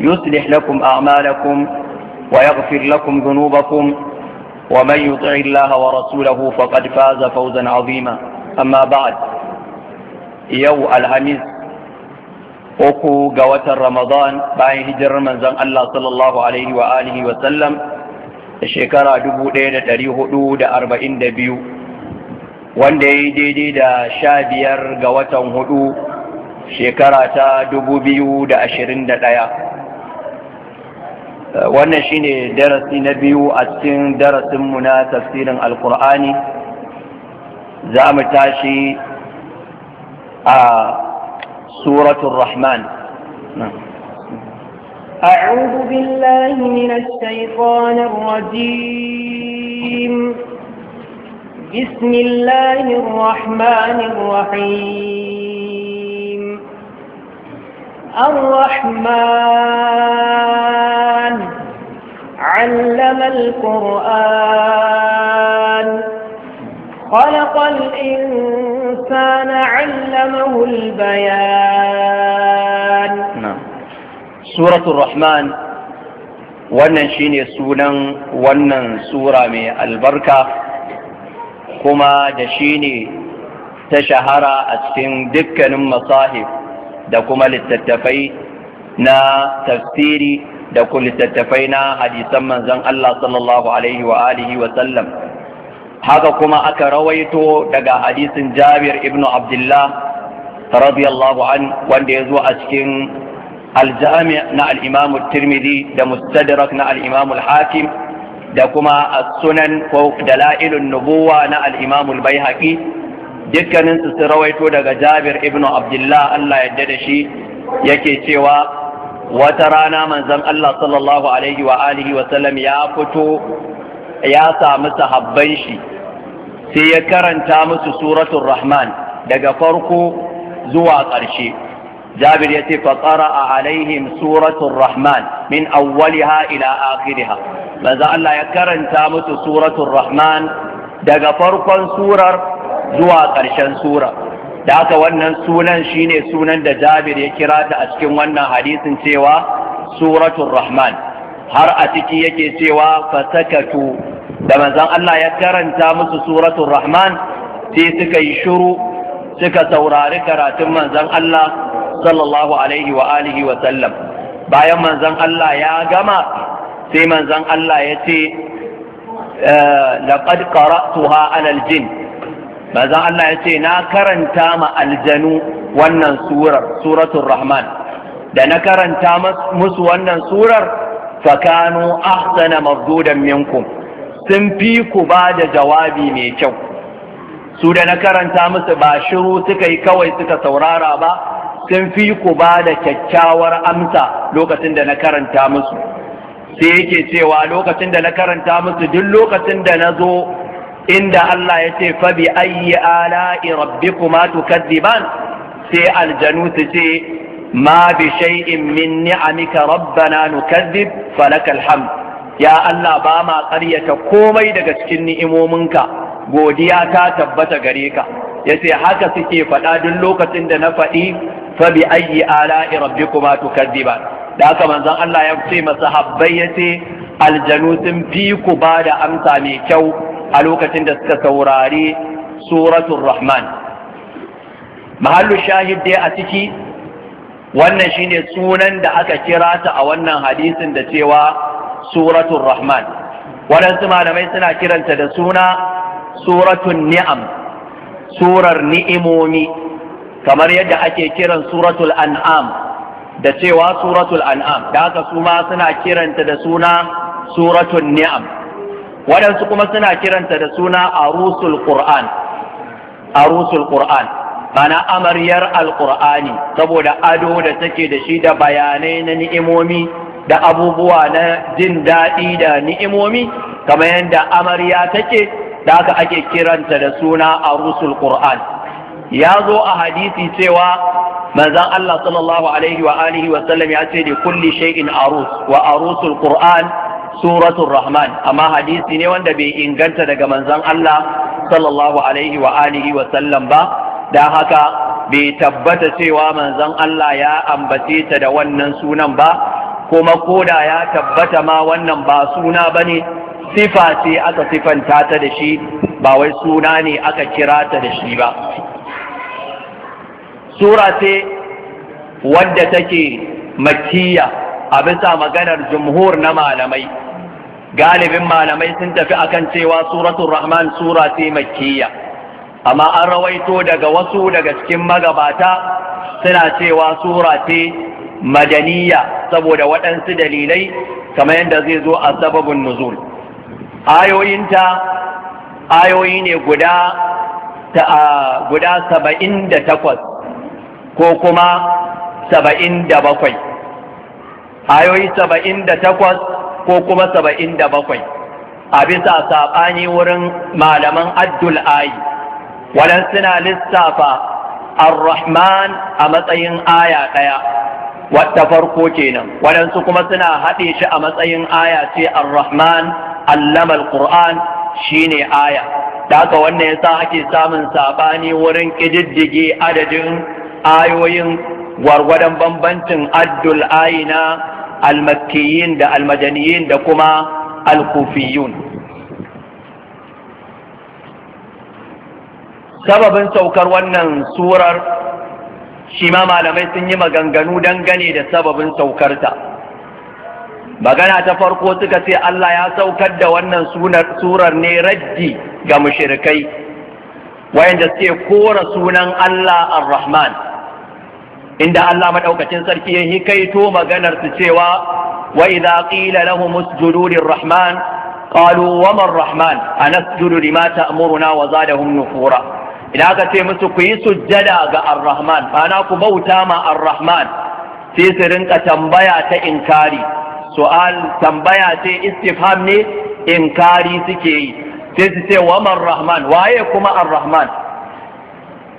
يصلح لكم أعمالكم ويغفر لكم ذنوبكم ومن يطع الله ورسوله فقد فاز فوزا عظيما أما بعد يو الهميز أكو قوة رمضان بعد هجر من زن الله صلى الله عليه وآله وسلم shekara dubu ɗaya da ɗari hudu da arba'in da biyu wanda ya yi daidai da sha biyar ga watan hudu shekara ta dubu biyu da ashirin da ɗaya wannan shine darasi na biyu a cikin darasinmu na tafsirin alkur'ani za mu tashi a suratun rahman أعوذ بالله من الشيطان الرجيم بسم الله الرحمن الرحيم الرحمن علم القرآن خلق الإنسان علمه البيان سورة الرحمن wannan shine sunan wannan sura mai albarka kuma da shine ta shahara a cikin dukkanin masahif da kuma littattafai na tafsiri da ku littattafai na hadisan manzon Allah sallallahu alaihi wa alihi wa sallam haka kuma aka rawaito daga hadisin Jabir ibn Abdullah radiyallahu an wanda ya zo a cikin Al-Jami' na al-Imam tirmidhi da Mustadrak na al-Imam al-Hakim da kuma as-Sunan ko Dalailun Nubuwa na al-Imam al-Baihaqi dukkanin su rawaito daga Jabir ibn Abdullah Allah ya da shi yake cewa wata rana manzan Allah sallallahu alaihi wa alihi wa ya fito ya sami sahabban shi sai ya karanta musu suratun rahman daga farko zuwa ƙarshe jabir ya ce faƙara a alaihim suratun rahman min awwaliha ila akhiriha manzon Allah ya karanta musu suratun rahman daga farkon surar zuwa ƙarshen surar da haka wannan sunan shine sunan da Jabir ya kira ta a cikin wannan hadisin cewa suratul rahman har a ciki yake cewa fasakatu da manzon Allah ya karanta musu suratul rahman sai suka yi shiru suka saurari karatun manzon Allah sallallahu alaihi wa alihi wa sallam bayan manzon Allah ya gama sai manzon Allah ya ce eh, laqad qara'tuha 'ala al-jinn manzon Allah ya ce na karanta ma aljanu wannan surar suratul rahman da na karanta musu wannan surar fakanu ahsana mabdudan minkum sun fi ku ba da jawabi mai kyau su da na karanta musu ba shiru suka yi kawai suka saurara ba sun fi ku ba da kyakkyawar amsa lokacin da na karanta musu sai yake cewa lokacin da na karanta musu duk lokacin da na zo inda Allah ya ce fa bi ayyi ala'i rabbikuma tukadziban sai aljanu su ce ma bi shay'in min ni'amika rabbana nukadzib falakal hamd ya Allah ba ma ƙaryata komai daga cikin ni'imominka godiya ta tabbata gare ka yace haka suke faɗa duk lokacin da na faɗi fa bi ayyi ala'i rabbikuma tukadziban da haka manzon Allah ya ce masahabbai yace aljanu sun fi ku ba da amsa mai kyau a lokacin da suka saurari suratun rahman mahallu shahid dai a ciki wannan shine sunan da aka kira ta a wannan hadisin da cewa suratun rahman waɗansu malamai suna kiranta da suna suratun ni'am surar ni'imomi kamar yadda ake kiran suratul an'am da cewa suratul an'am da haka su ma suna kiranta da suna suratun ni'am waɗansu kuma suna kiranta da suna arusul qur'an arusul qur'an mana amaryar alqur'ani saboda ado da take da shi da bayanai na ni'imomi da abubuwa na jin daɗi da ni'imomi kamar yadda amarya take da haka ake kiranta da suna arusul qur'an ya zo a hadisi cewa manzan Allah sallallahu alaihi wa alihi wa sallam ya ce da kulli shay'in arus wa arusul qur'an suratul rahman amma hadisi ne wanda bai inganta daga manzon Allah sallallahu alaihi wa alihi wa sallam ba Da haka bai tabbata cewa manzon Allah ya ambace ta da wannan sunan ba kuma koda ya tabbata ma wannan ba suna bane sifa ce aka sifanta ta da shi ba wai suna ne aka kira ta da shi ba sura ce wadda take makkiya a bisa maganar jumhur na malamai galibin malamai sun tafi akan cewa suratul rahman sura ce makkiya amma an rawaito daga wasu daga cikin magabata suna cewa sura ce madaniya saboda waɗansu dalilai kamar yadda zai zo a sababin nuzul ayoyinta ayoyi ne guda ta guda saba'in da takwas ko kuma saba'in da bakwai ayoyi saba'in da takwas ko kuma saba'in da bakwai a bisa saɓani wurin malaman addul ayi walan suna lissafa ar-rahman a matsayin aya ɗaya wadda farko kenan waɗansu kuma suna haɗe shi a matsayin aya ce ar-rahman allama al shi shine aya da haka wannan yasa ake samun saɓani wurin ƙididdige adadin ayoyin gwargwadon bambancin addulayi na. almakiyin da almajaniyin da kuma alkufiyun sababin saukar wannan surar shi ma malamai sun yi maganganu dangane da sababin saukarta magana ta farko suka ce Allah ya saukar da wannan surar ne raddi ga mushirikai wayanda suke kora sunan Allah ar-Rahman inda Allah madaukakin sarki ya hikaito maganar su cewa wa idza qila lahum usjudu lirrahman qalu wa man rahman anasjudu lima ta'muruna wa zadahum nufura idan aka ce musu ku yi sujjada ga arrahman ana ku bauta ma arrahman sai su rinka tambaya ta inkari su'al tambaya ce istifham ne inkari suke yi sai su ce wa man rahman waye kuma arrahman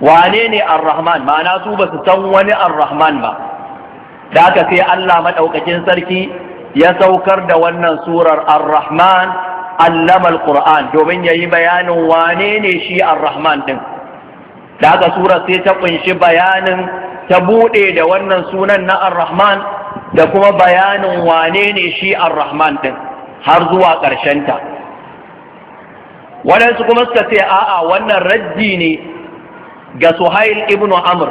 wane ne ar ma'ana su ba su san wani arrahman ba da aka sai Allah maɗaukakin sarki ya saukar da wannan surar ar allama al domin yayi bayanin wane ne shi ar din da aka surar sai ta kunshi bayanin ta bude da wannan sunan na ar da kuma bayanin wane ne shi ar-rahman din har zuwa ƙarshenta waɗansu kuma suka ce a'a wannan raddi ne ga Suhail ibn Amr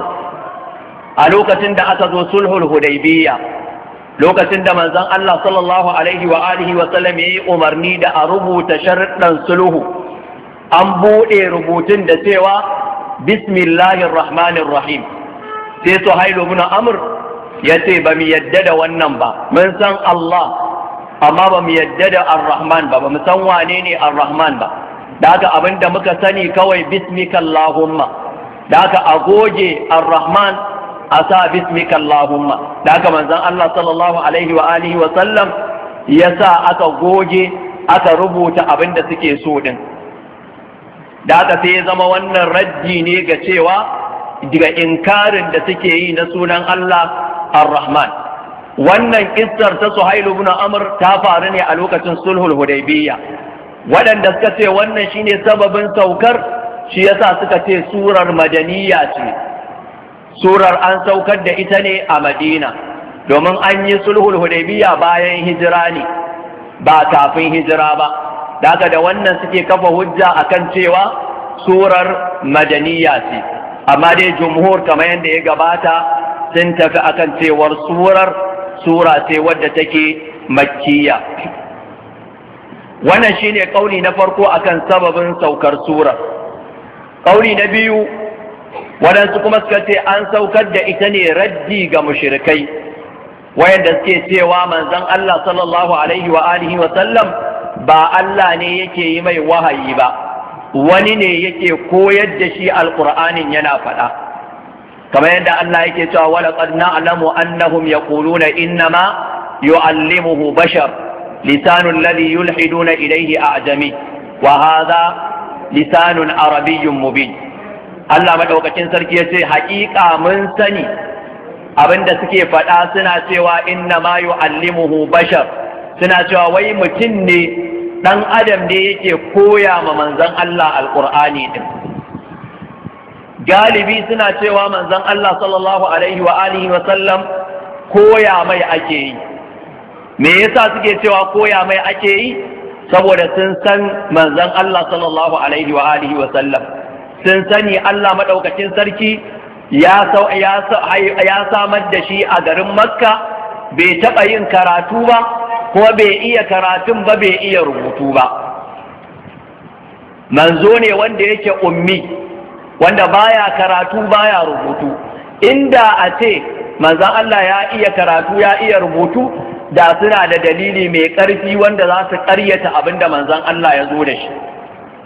a lokacin da aka zo sulhul Hudaybiyya lokacin da manzon Allah sallallahu alaihi wa alihi wa sallam yayi umarni da a rubuta sharuɗan sulhu an buɗe rubutun da cewa bismillahir rahmanir rahim sai Suhail ibn Amr ya ce ba mu yadda da wannan ba mun san Allah amma ba mu yadda da ar-rahman ba ba mu san wane ne ar-rahman ba da haka abinda muka sani kawai bismika allahumma da aka agoge ar-rahman a sa bismika Allahumma da aka manzon Allah sallallahu alaihi wa alihi wa sallam ya sa aka goge aka rubuta abin da suke so din da aka sai ya zama wannan raddi ne ga cewa daga inkarin da suke yi na sunan Allah arrahman rahman wannan kissar ta Suhailu ibn Amr ta faru ne a lokacin sulhul Hudaybiyya waɗanda suka ce wannan shine sababin saukar shi yasa suka ce surar madaniya ce surar an saukar da ita ne a madina domin an yi sulhul hudaybiya bayan hijira ne ba kafin hijira ba daga da wannan suke kafa hujja akan cewa surar madaniya ce amma dai jumhur kamar yadda ya gabata sun tafi akan cewar surar sura ce wadda take makkiya wannan shine kauli na farko akan sababin saukar surar kauri na biyu waɗansu kuma suka ce an saukar da ita ne raddi ga mushrikai wayanda suke cewa manzon Allah sallallahu alaihi wa alihi wa sallam ba Allah ne yake yi mai wahayi ba wani ne yake koyar da shi alqur'anin yana faɗa kamar yadda Allah yake cewa wala qad na'lamu annahum yaquluna innama yu'allimuhu bashar lisanu alladhi yulhiduna ilayhi a'jami wa hadha lisanun arabiyyun mubin Allah madaukakin sarki ya ce haƙiƙa mun sani abinda suke faɗa suna cewa inna ma yu'allimuhu bashar suna cewa wai mutum ne dan adam ne yake koya ma manzon Allah alqur'ani din galibi suna cewa manzon Allah sallallahu alaihi wa alihi wa sallam koya mai ake yi me yasa suke cewa koya mai ake yi saboda sun san manzan Allah sallallahu alaihi wa alihi wa sallam sun sani Allah maɗaukacin sarki ya samar da shi a garin Makka bai taɓa yin karatu ba kuma bai iya karatun ba bai iya rubutu ba manzo ne wanda yake ummi wanda baya karatu baya rubutu inda a ce manzon Allah ya iya karatu ya iya rubutu da suna da dalili mai ƙarfi wanda za su ƙaryata abin da manzon Allah ya zo da shi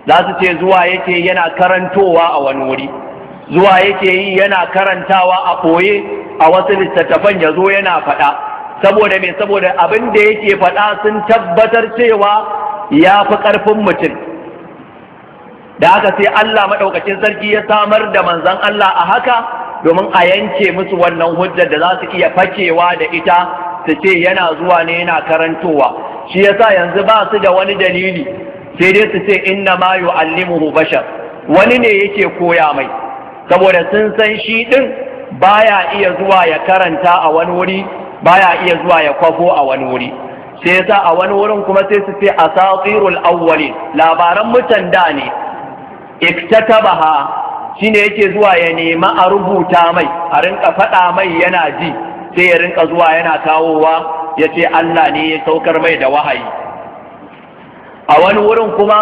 za su ce zuwa yake yana karantowa a wani wuri zuwa yake yi yana karantawa a koye a wasu littattafan ya zo yana faɗa saboda mai saboda abin da yake faɗa sun tabbatar cewa ya fi ƙarfin mutum da haka sai Allah maɗaukacin sarki ya samar da manzan Allah a haka domin a yanke musu wannan hujjar da za su iya fakewa da ita ta ce yana zuwa ne yana karantowa shi yasa yanzu ba su da wani dalili sai dai su ce inna ma yu'allimuhu bashar wani ne yake koya mai saboda sun san shi din baya iya zuwa ya karanta a wani wuri baya iya zuwa ya kwafo a wani wuri sai yasa a wani wurin kuma sai su ce asatirul awwali labaran mutan da ne iktatabaha shine yake zuwa ya nema a rubuta mai a rinka faɗa mai yana ji sai ya rinka zuwa yana kawowa ya ce Allah ne ya saukar mai da wahayi a wani wurin kuma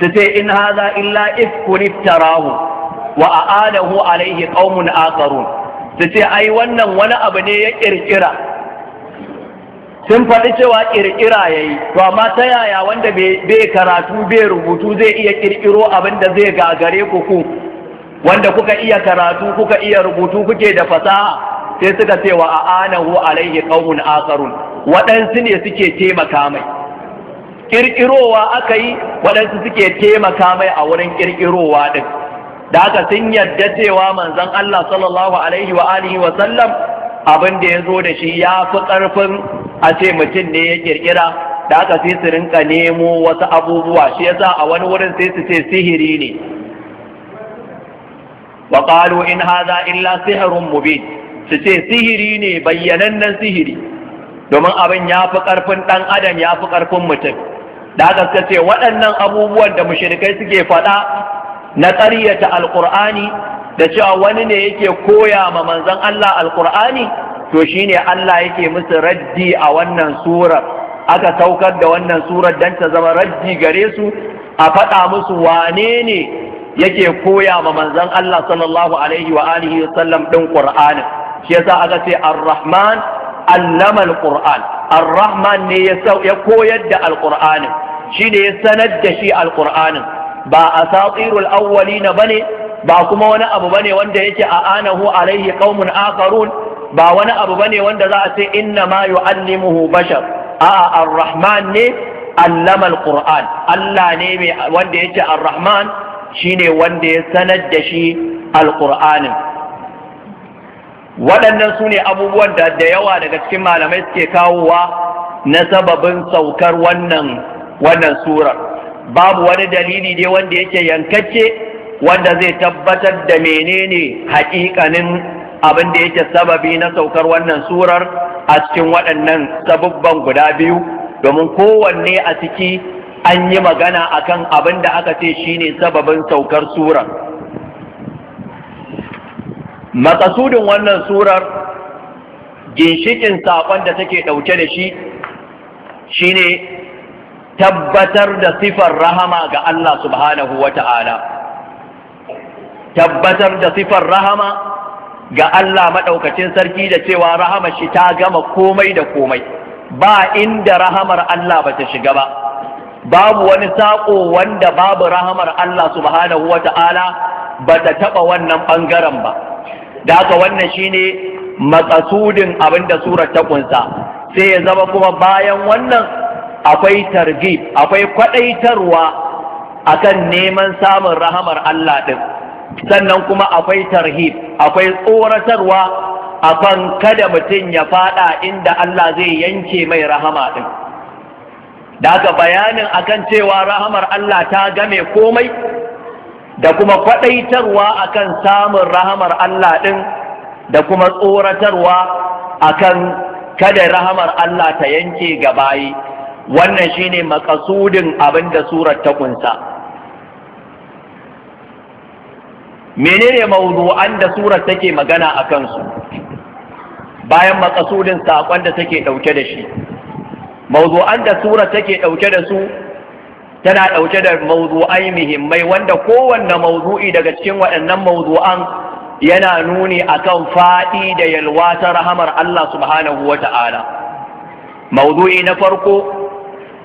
su ce in haza illa ifkun iftarahu wa a'adahu alaihi qaumun akharun su ce ai wannan wani abu ne ya ƙirƙira. sun faɗi cewa ya yi. to amma ta yaya wanda bai karatu bai rubutu zai iya ƙirƙiro abin da zai gagare ku ku wanda kuka iya karatu kuka iya rubutu kuke da fasaha sai suka ce wa a'anahu alaihi qaumun akharun waɗansu ne suke taimaka mai kirkirowa aka yi waɗansu suke taimaka mai a wurin ƙirƙirowa din da aka sun yarda cewa manzon Allah sallallahu alaihi wa alihi wa sallam abin da ya zo da shi ya fi ƙarfin a ce mutum ne ya kirkira da aka sai su rinka nemo wasu abubuwa shi yasa a wani wurin sai su ce sihiri ne wa qalu in hadha illa sihrun mubin su ce sihiri ne bayyanannen sihiri domin abin ya fi ƙarfin ɗan adam ya fi ƙarfin mutum da gaske ce waɗannan abubuwan da mushrikai suke faɗa na ƙaryata alƙur'ani da cewa wani ne yake koya ma manzon Allah alƙur'ani to shine Allah yake musu raddi a wannan surar aka saukar da wannan surar don ta zama raddi gare su a faɗa musu wane ne yake koya ma manzon Allah sallallahu alaihi wa alihi wa sallam din Qur'anin shi yasa aka ce ar-rahman allama al-qur'an ar-rahman ne ya koyar da al-qur'anin shine ya sanar da shi al-qur'anin ba asatirul awwalina bane ba kuma wani abu bane wanda yake a anahu alaihi qaumun akharun ba wani abu bane wanda za a ce inna ma yu'allimuhu bashar a'a ar-rahman ne allama al-qur'an Allah ne mai wanda yake ar-rahman shine wanda ya sanar da shi al-qur'anin waɗannan su ne abubuwan da da yawa daga cikin malamai suke kawowa na sababin saukar wannan wannan surar babu wani dalili ne wanda yake yankacce wanda zai tabbatar da menene haƙiƙanin abin da yake sababi na saukar wannan surar a cikin waɗannan sababban guda biyu domin kowanne a ciki an yi magana akan abin da aka ce shine sababin saukar surar matsasudin wannan surar ginshikin saƙon da take ɗauke da shi shi ne tabbatar da sifar rahama ga Allah subhanahu wa ta'ala tabbatar da sifar rahama ga Allah maɗaukacin sarki da cewa rahama shi ta gama komai da komai ba inda rahamar Allah ba ta shiga ba babu wani saƙo wanda babu rahamar Allah subhanahu wa ta'ala ba ta taɓa wannan ɓangaren ba da haka wannan shine matsasudin abin da surar ta kunsa sai ya zama kuma bayan wannan akwai targi akwai kwadaitarwa akan neman samun rahamar Allah ɗin, sannan kuma akwai tarhib akwai tsoratarwa akan kada mutum ya faɗa inda Allah zai yanke mai rahama ɗin. da haka bayanin akan cewa rahamar Allah ta game komai da kuma kwadaitarwa akan samun rahamar Allah din da kuma tsoratarwa akan kada rahamar Allah ta yanke ga bayi wannan shine makasudin abin da surar ta kunsa menene mawdu'an da surar take magana a kansu bayan makasudin saƙon da take ɗauke da shi mawdu'an da surar take ɗauke da su tana ɗauke da maudu'ai muhimmai wanda kowanne maudu'i daga cikin waɗannan mawdu'an yana nuni akan faɗi da yalwa ta rahamar Allah subhanahu Ta'ala. mawdu'i na farko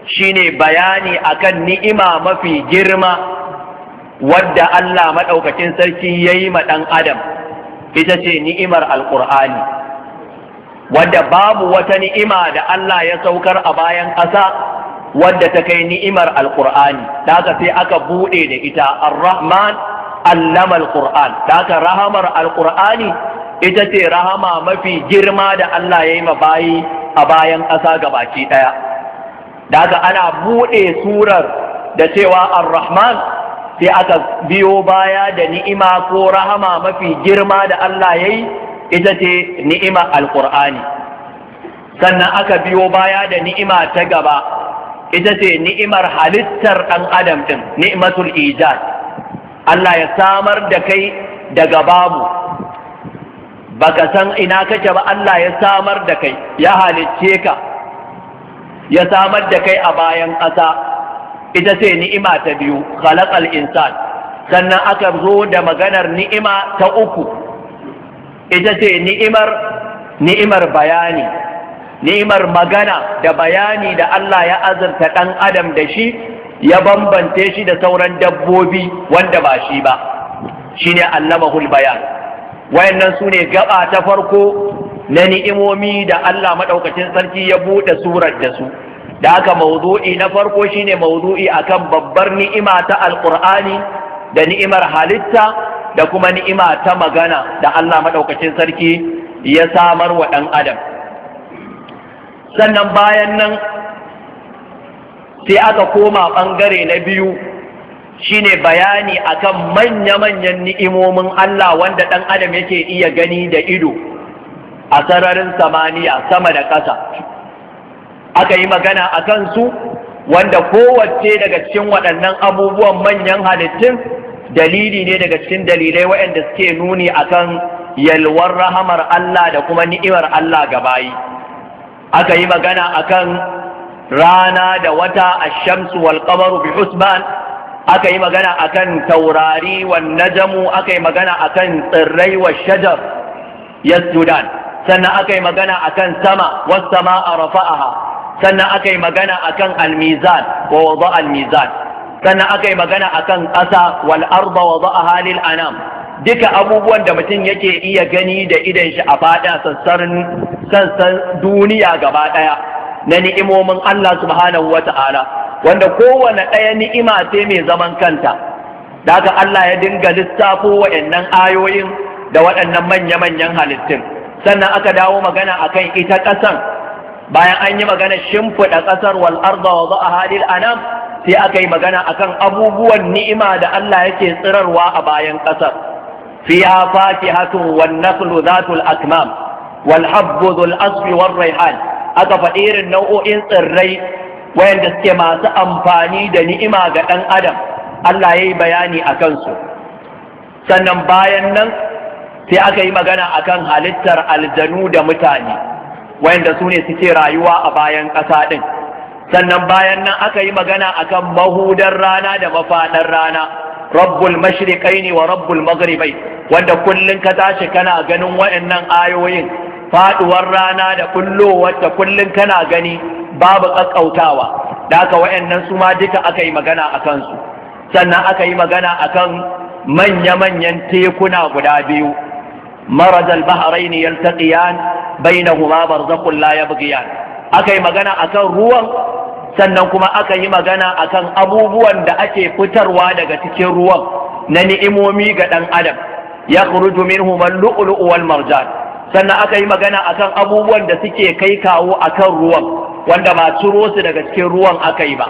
shine bayani akan ni'ima mafi girma wadda Allah maɗaukacin sarki yayi ma ɗan adam ita ce ni'imar alƙur'ani wadda babu wata ni'ima da Allah ya saukar a bayan ƙasa wadda ta kai ni'imar Da haka sai aka buɗe da ita ar-rahman allama Da haka rahamar alqur'ani ita ce rahama mafi girma da Allah ya yi ma bayi a bayan ƙasa gabaki ɗaya haka ana buɗe surar da cewa ar-rahman sai aka biyo baya da ni'ima ko rahama mafi girma da Allah ya yi ita ce ni'ima alqur'ani sannan aka biyo baya da ni'ima ta gaba ita ce ni'imar halittar ɗan adam ɗin ni'imatul ijad Allah ya samar da kai daga babu baka san ina kake ba Allah ya samar da kai ya halicce ka ya samar da kai a bayan ƙasa ita ce ni'ima ta biyu khalaqal insan sannan aka zo da maganar ni'ima ta uku ita ce ni'imar ni'imar bayani ni'imar magana da bayani da Allah ya azurta ɗan adam da shi ya bambance shi da sauran dabbobi wanda ba shi ba Shi ne annabahul bayan wayannan sune gaba ta farko na ni'imomi da Allah maɗaukacin sarki ya buɗe surar da su da haka mawdu'i na farko shine a akan babbar ni'ima ta alƙur'ani da ni'imar halitta da kuma ni'ima ta magana da Allah maɗaukacin sarki ya samar wa ɗan adam sannan bayan nan sai aka koma ɓangare na biyu shine bayani akan manya-manyan ni'imomin Allah wanda ɗan adam yake iya gani da ido a sararin samaniya sama da ƙasa aka yi magana a kansu wanda kowace daga cikin waɗannan abubuwan manyan halittun dalili ne daga cikin dalilai waɗanda suke nuni akan yalwar rahamar Allah da kuma ni'imar Allah ga bayi. aka yi magana akan rana da wata a wal qamaru bi husban aka yi magana akan taurari wan najmu aka yi magana akan tsirrai wa shajar yasjudan sannan aka yi magana akan sama was a rafa'aha sannan aka yi magana akan al-mizan wa wada al-mizan sannan aka yi magana akan ƙasa wal a wada'aha lil anam duka abubuwan da mutum yake iya gani da idan shi a faɗa sassan duniya gaba ɗaya na ni'imomin Allah subhanahu wa ta'ala wanda kowane ɗaya ni'ima ce mai zaman kanta da haka Allah ya dinga lissafo waɗannan ayoyin da waɗannan manya-manyan halittun sannan aka dawo magana akan ita ƙasan bayan an yi magana shimfiɗa ƙasar wal arda wa za'a halil anam sai aka yi magana akan abubuwan ni'ima da Allah yake tsirarwa a bayan ƙasar فيها فاكهة والنخل ذات الأكمام والحب ذو الأصف والريحان أكفا إير النوء إنس الري وين تسكما سأمفاني دنئما قدن أدم الله يي بياني أكنسو sannan bayan nan sai aka yi magana akan halittar aljanu da mutane wayanda sune ne suke rayuwa a bayan ƙasa ɗin sannan bayan nan aka yi magana akan mahudar rana da mafaɗar rana rabbul mashriqaini wa rabbul maghribai wanda kullun ka tashi kana ganin waɗannan ayoyin faduwar rana da kullowar ta kullun kana gani babu kakkautawa da haka waɗannan su ma duka aka yi magana a kansu sannan aka yi magana akan manya-manyan tekuna guda biyu marajal bahraini yaltaqiyan bainahuma barzakhun la yabghiyan yi magana akan ruwan sannan kuma aka yi magana akan abubuwan da ake fitarwa daga cikin ruwan na ni'imomi ga ɗan adam ya kuruju minhu man lu'lu'u wal marjan sannan aka yi magana akan abubuwan da suke kai kawo akan ruwan wanda ba ciro su daga cikin ruwan aka yi ba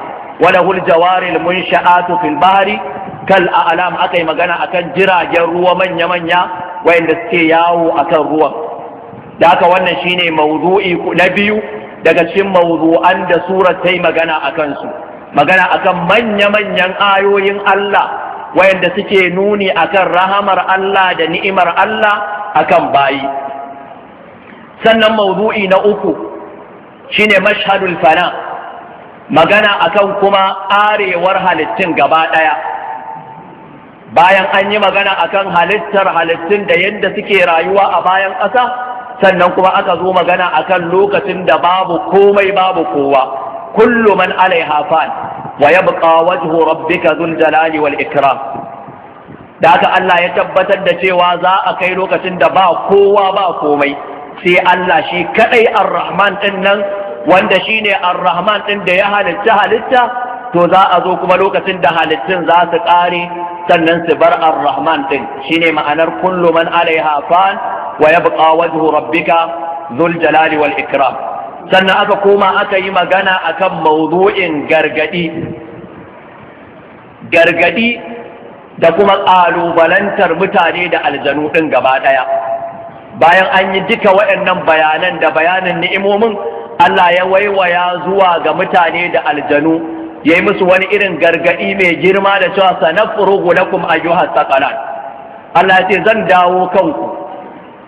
hul jawaril munsha'atu fil bahri kal a'lam aka yi magana akan jiragen ruwa manya manya wayanda suke yawo akan ruwan da haka wannan shine mawdu'i na biyu daga cikin mawuzu'an da sura ta magana a kansu magana akan manya-manyan ayoyin Allah wayanda suke nuni akan rahamar Allah da ni'imar Allah akan bayi sannan mawdu'i na uku shine mashhadul fana magana akan kuma arewar halittun gaba daya bayan an yi magana akan halittar halittun da yadda suke rayuwa a bayan ƙasa sannan kuma aka zo magana akan lokacin da babu komai babu kowa kullu man alaiha fan wa yabqa wajhu rabbika dhul jalali wal ikram da haka Allah ya tabbatar da cewa za a kai lokacin da ba kowa ba komai sai Allah shi kadai ar din nan wanda shine arrahman rahman din da ya halitta halitta to za a zo kuma lokacin da halittun za su kare sannan su bar arrahman ɗin, din shine ma'anar kullu man alaiha fan wa yabqa wajhu rabbika dhul jalali wal ikram sannan aka koma aka yi magana akan mawdu'in gargadi gargadi da kuma ƙalubalantar mutane da aljanu ɗin gaba ɗaya bayan an yi duka waɗannan bayanan da bayanin ni'imomin Allah ya waiwaya zuwa ga mutane da aljanu ya yi musu wani irin gargaɗi mai girma da cewa na kuma ayyuhas saqalan Allah ya ce zan dawo kanku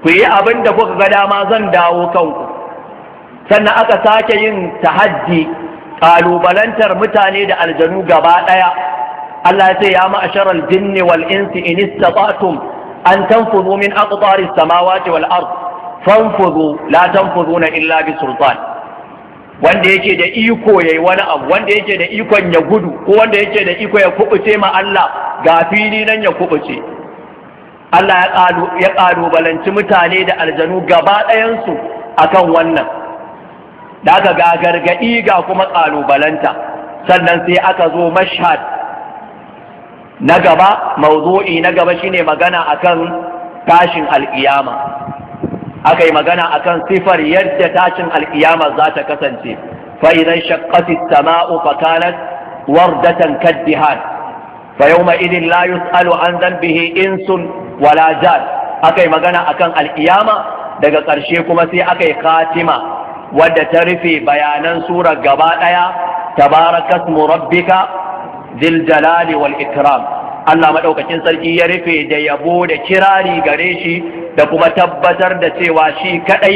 ku yi abin da kuka ga dama zan dawo kanku sannan aka sake yin tahaddi kalubalantar mutane da aljanu gaba ɗaya Allah ya ce ya ma'ashar jinni wal insi in istata'tum an tanfudu min aqtaris samawati wal ard fanfudu la tanfuduna illa bi sultan wanda yake da iko yayi wani abu wanda yake da ikon ya gudu ko wanda yake da iko ya kubuce ma Allah ga fili nan ya kubuce Allah ya ƙalubalanci mutane da aljanu gaba ɗayansu a kan wannan da aka ga gargaɗi ga kuma ƙalubalanta sannan sai aka zo mashhad na gaba Ma'uzoi na gaba shine magana akan tashin al'iyama. aka yi magana akan sifar yadda tashin al'iyama za ta kasance fa idan shaqqatis sama'u fa wardatan kaddihan fa yawma idin la yus'alu an dhanbihi insun wala jan akai magana akan alkiyama daga ƙarshe kuma sai akai katima. wadda ta rufe bayanan surar gaba ɗaya barakas murabbika dil jalali wal ikram Allah maɗaukacin sarki ya rufe da yabo da kirari gare shi da kuma tabbatar da cewa shi kaɗai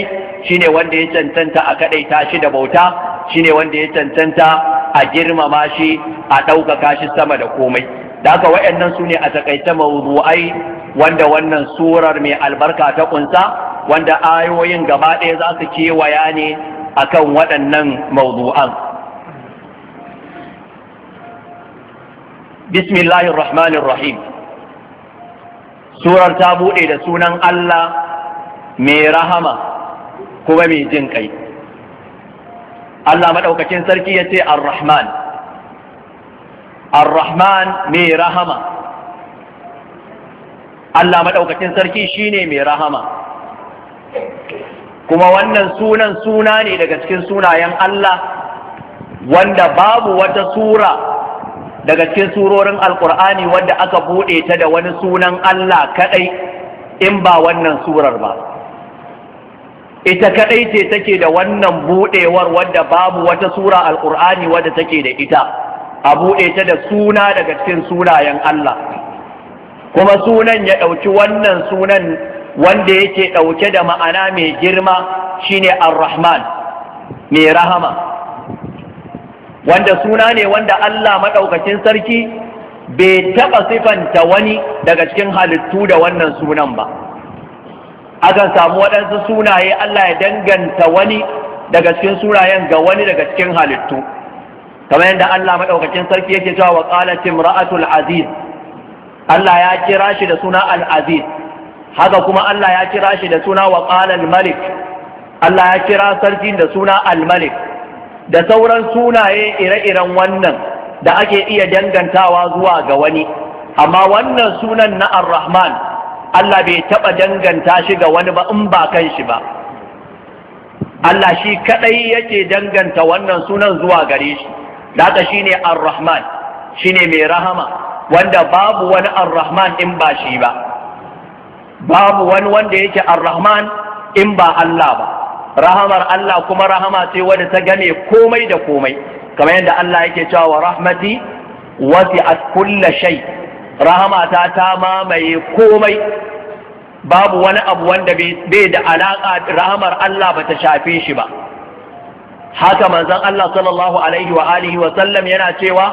shine wanda ya cancanta a kaɗai tashi da bauta shine wanda ya cancanta a girmama shi a ɗaukaka shi sama da komai da aka waɗannan su ne a takaice mawdu'ai wanda wannan surar mai albarka ta kunsa wanda ayoyin gaba ɗaya za su kewaya ne akan waɗannan mawdu'an bismillahir rahmanir rahim surar ta buɗe da sunan Allah mai rahama kuma mai jin kai Allah maɗaukacin sarki ya ce ar-rahman ar-rahman mai rahama Allah maɗaukacin sarki shine mai rahama kuma wannan sunan suna ne daga cikin sunayen Allah wanda babu wata sura daga cikin surorin alkur'ani wanda aka buɗe ta da wani sunan Allah kaɗai in ba wannan surar ba ita kaɗai ce take da wannan buɗewar wadda babu wata sura alkur'ani wadda take da ita a buɗe ta da suna daga cikin sunayen Allah kuma sunan ya ɗauki wannan sunan wanda yake ɗauke da ma'ana mai girma shine ar-rahman mai rahama wanda suna ne wanda Allah maɗaukacin sarki bai taɓa sifanta wani daga cikin halittu da wannan sunan ba akan samu waɗansu sunaye Allah ya danganta wani daga cikin sunayen ga wani daga cikin halittu kamar yadda Allah maɗaukacin sarki yake cewa wa qalat imra'atul aziz Allah ya kira shi da suna al-aziz haka kuma Allah ya kira shi da suna wa al-malik Allah ya kira sarkin da suna al-malik da sauran sunaye ire-iren wannan da ake iya dangantawa zuwa ga wani amma wannan sunan na ar-rahman Allah bai taɓa danganta shi ga wani ba in ba kan shi ba Allah shi kaɗai yake danganta wannan sunan zuwa gare shi shi shine ar-rahman shine mai rahama wanda babu wani ar-rahman in ba shi ba babu wani wanda yake ar-rahman in ba Allah ba rahamar Allah kuma rahama ce wadda ta game komai da komai kamar yadda Allah yake cewa wa rahmati wasi'at kulla shay rahama ta ta mamaye komai babu wani abu wanda bai da alaka rahamar Allah bata shafe shi ba haka manzon Allah sallallahu alaihi wa alihi wa sallam yana cewa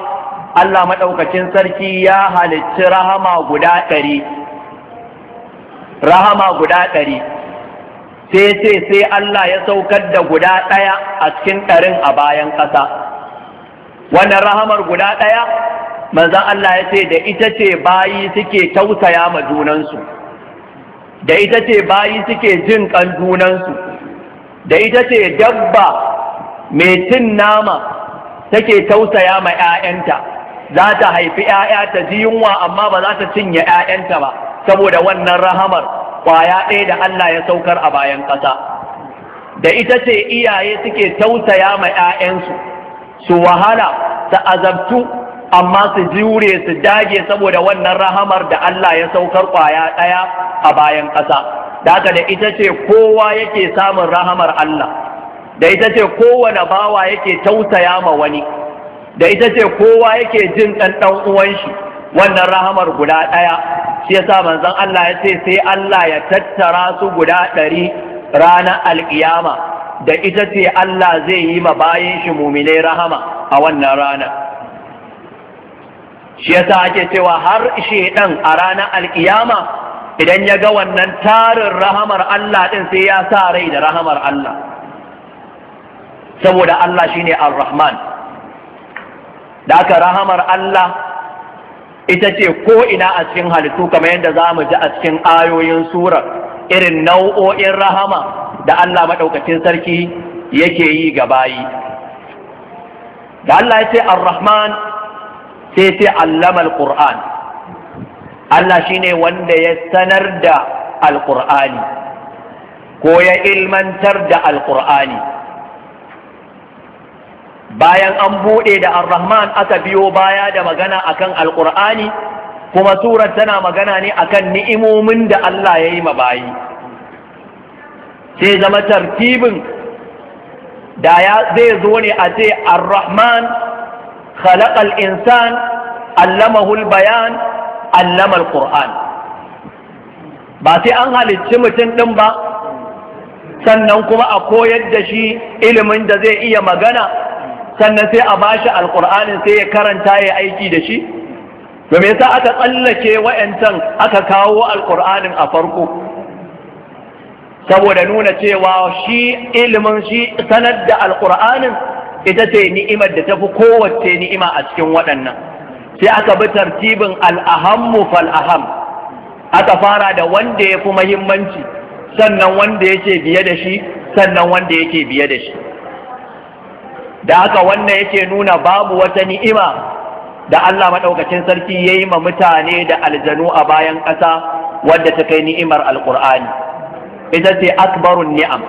Allah madaukakin sarki ya halicci rahama guda ɗari rahama guda ɗari sai ce sai Allah ya saukar da guda ɗaya a cikin ɗarin a bayan ƙasa wannan rahamar guda ɗaya manzon Allah ya ce da ita ce bayi suke tausaya ma junansu da ita ce bayi suke jin kan junansu da ita ce dabba mai cin nama take tausaya ma 'ya'yanta za ta haifi 'ya'ya ta ji yunwa amma ba za ta cinye 'ya'yanta ba saboda wannan rahamar kwaya ɗaya da Allah ya saukar a bayan ƙasa da ita ce iyaye suke tausaya ma 'ya'yansu su wahala su azabtu amma su jure su dage saboda wannan rahamar da Allah ya saukar kwaya ɗaya a bayan ƙasa da haka da ita ce kowa yake samun rahamar Allah da ita ce kowane bawa yake tausaya ma wani da ita ce kowa yake jin ɗanɗan uwan shi wannan rahamar guda ɗaya shi yasa manzon Allah ya ce sai Allah ya tattara su guda ɗari ranar alƙiyama da ita ce Allah zai yi ma bayan shi muminai rahama a wannan ranar shi yasa ake cewa har shedan a ranar alƙiyama idan ya ga wannan tarin rahamar Allah ɗin sai ya sa rai da rahamar Allah saboda Allah shine ar-rahman da aka rahamar Allah ita ce ko ina a cikin halittu kamar yadda za mu ji a cikin ayoyin sura irin nau'o'in rahama da Allah maɗaukacin sarki yake yi ga bayi da Allah ya ce ar-rahman sai ce allama al-qur'an Allah shine wanda ya sanar da al-qur'ani ko ya ilmantar da al-qur'ani bayan an buɗe da ar-rahman aka biyo baya da magana akan alqur'ani kuma surar tana magana ne akan ni'imomin da Allah ya yi ma bayi sai zama tartibin da ya zai zo ne a ce ar-rahman insan allamahu bayan allama al ba sai an halicci mutum din ba sannan kuma a koyar da shi ilimin da zai iya magana sannan sai a bashi alƙur'anin sai ya karanta ya aiki da shi to me yasa aka tsallake wa'ancan aka kawo alƙur'anin a farko saboda nuna cewa shi ilimin shi sanar da alƙur'anin ita ce ni'imar da tafi kowace ni'ima a cikin waɗannan sai aka bi tartibin al'ahammu fal'aham aka fara da wanda ya fi muhimmanci sannan wanda yake biye da shi sannan wanda yake biye da shi da haka wannan yake nuna babu wata ni'ima da Allah maɗaukacin sarki ya yi ma mutane da aljanu a bayan ƙasa wadda ta kai ni'imar alƙur'ani ita ce akbarun ni'am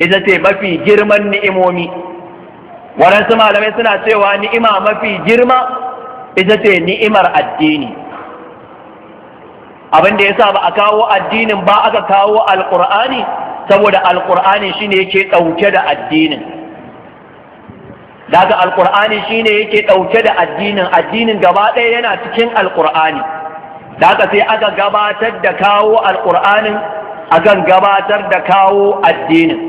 ita ce mafi girman ni'imomi waɗansu malamai suna cewa ni'ima mafi girma ita ce ni'imar addini abin da ya sa ba a kawo addinin ba aka kawo alƙur'ani saboda alƙur'ani shine yake ɗauke da addinin daga alkur'ani shine yake ɗauke da addinin addinin gaba ɗaya yana cikin alkur'ani daga sai aka gabatar da kawo alkur'anin akan gabatar da kawo addinin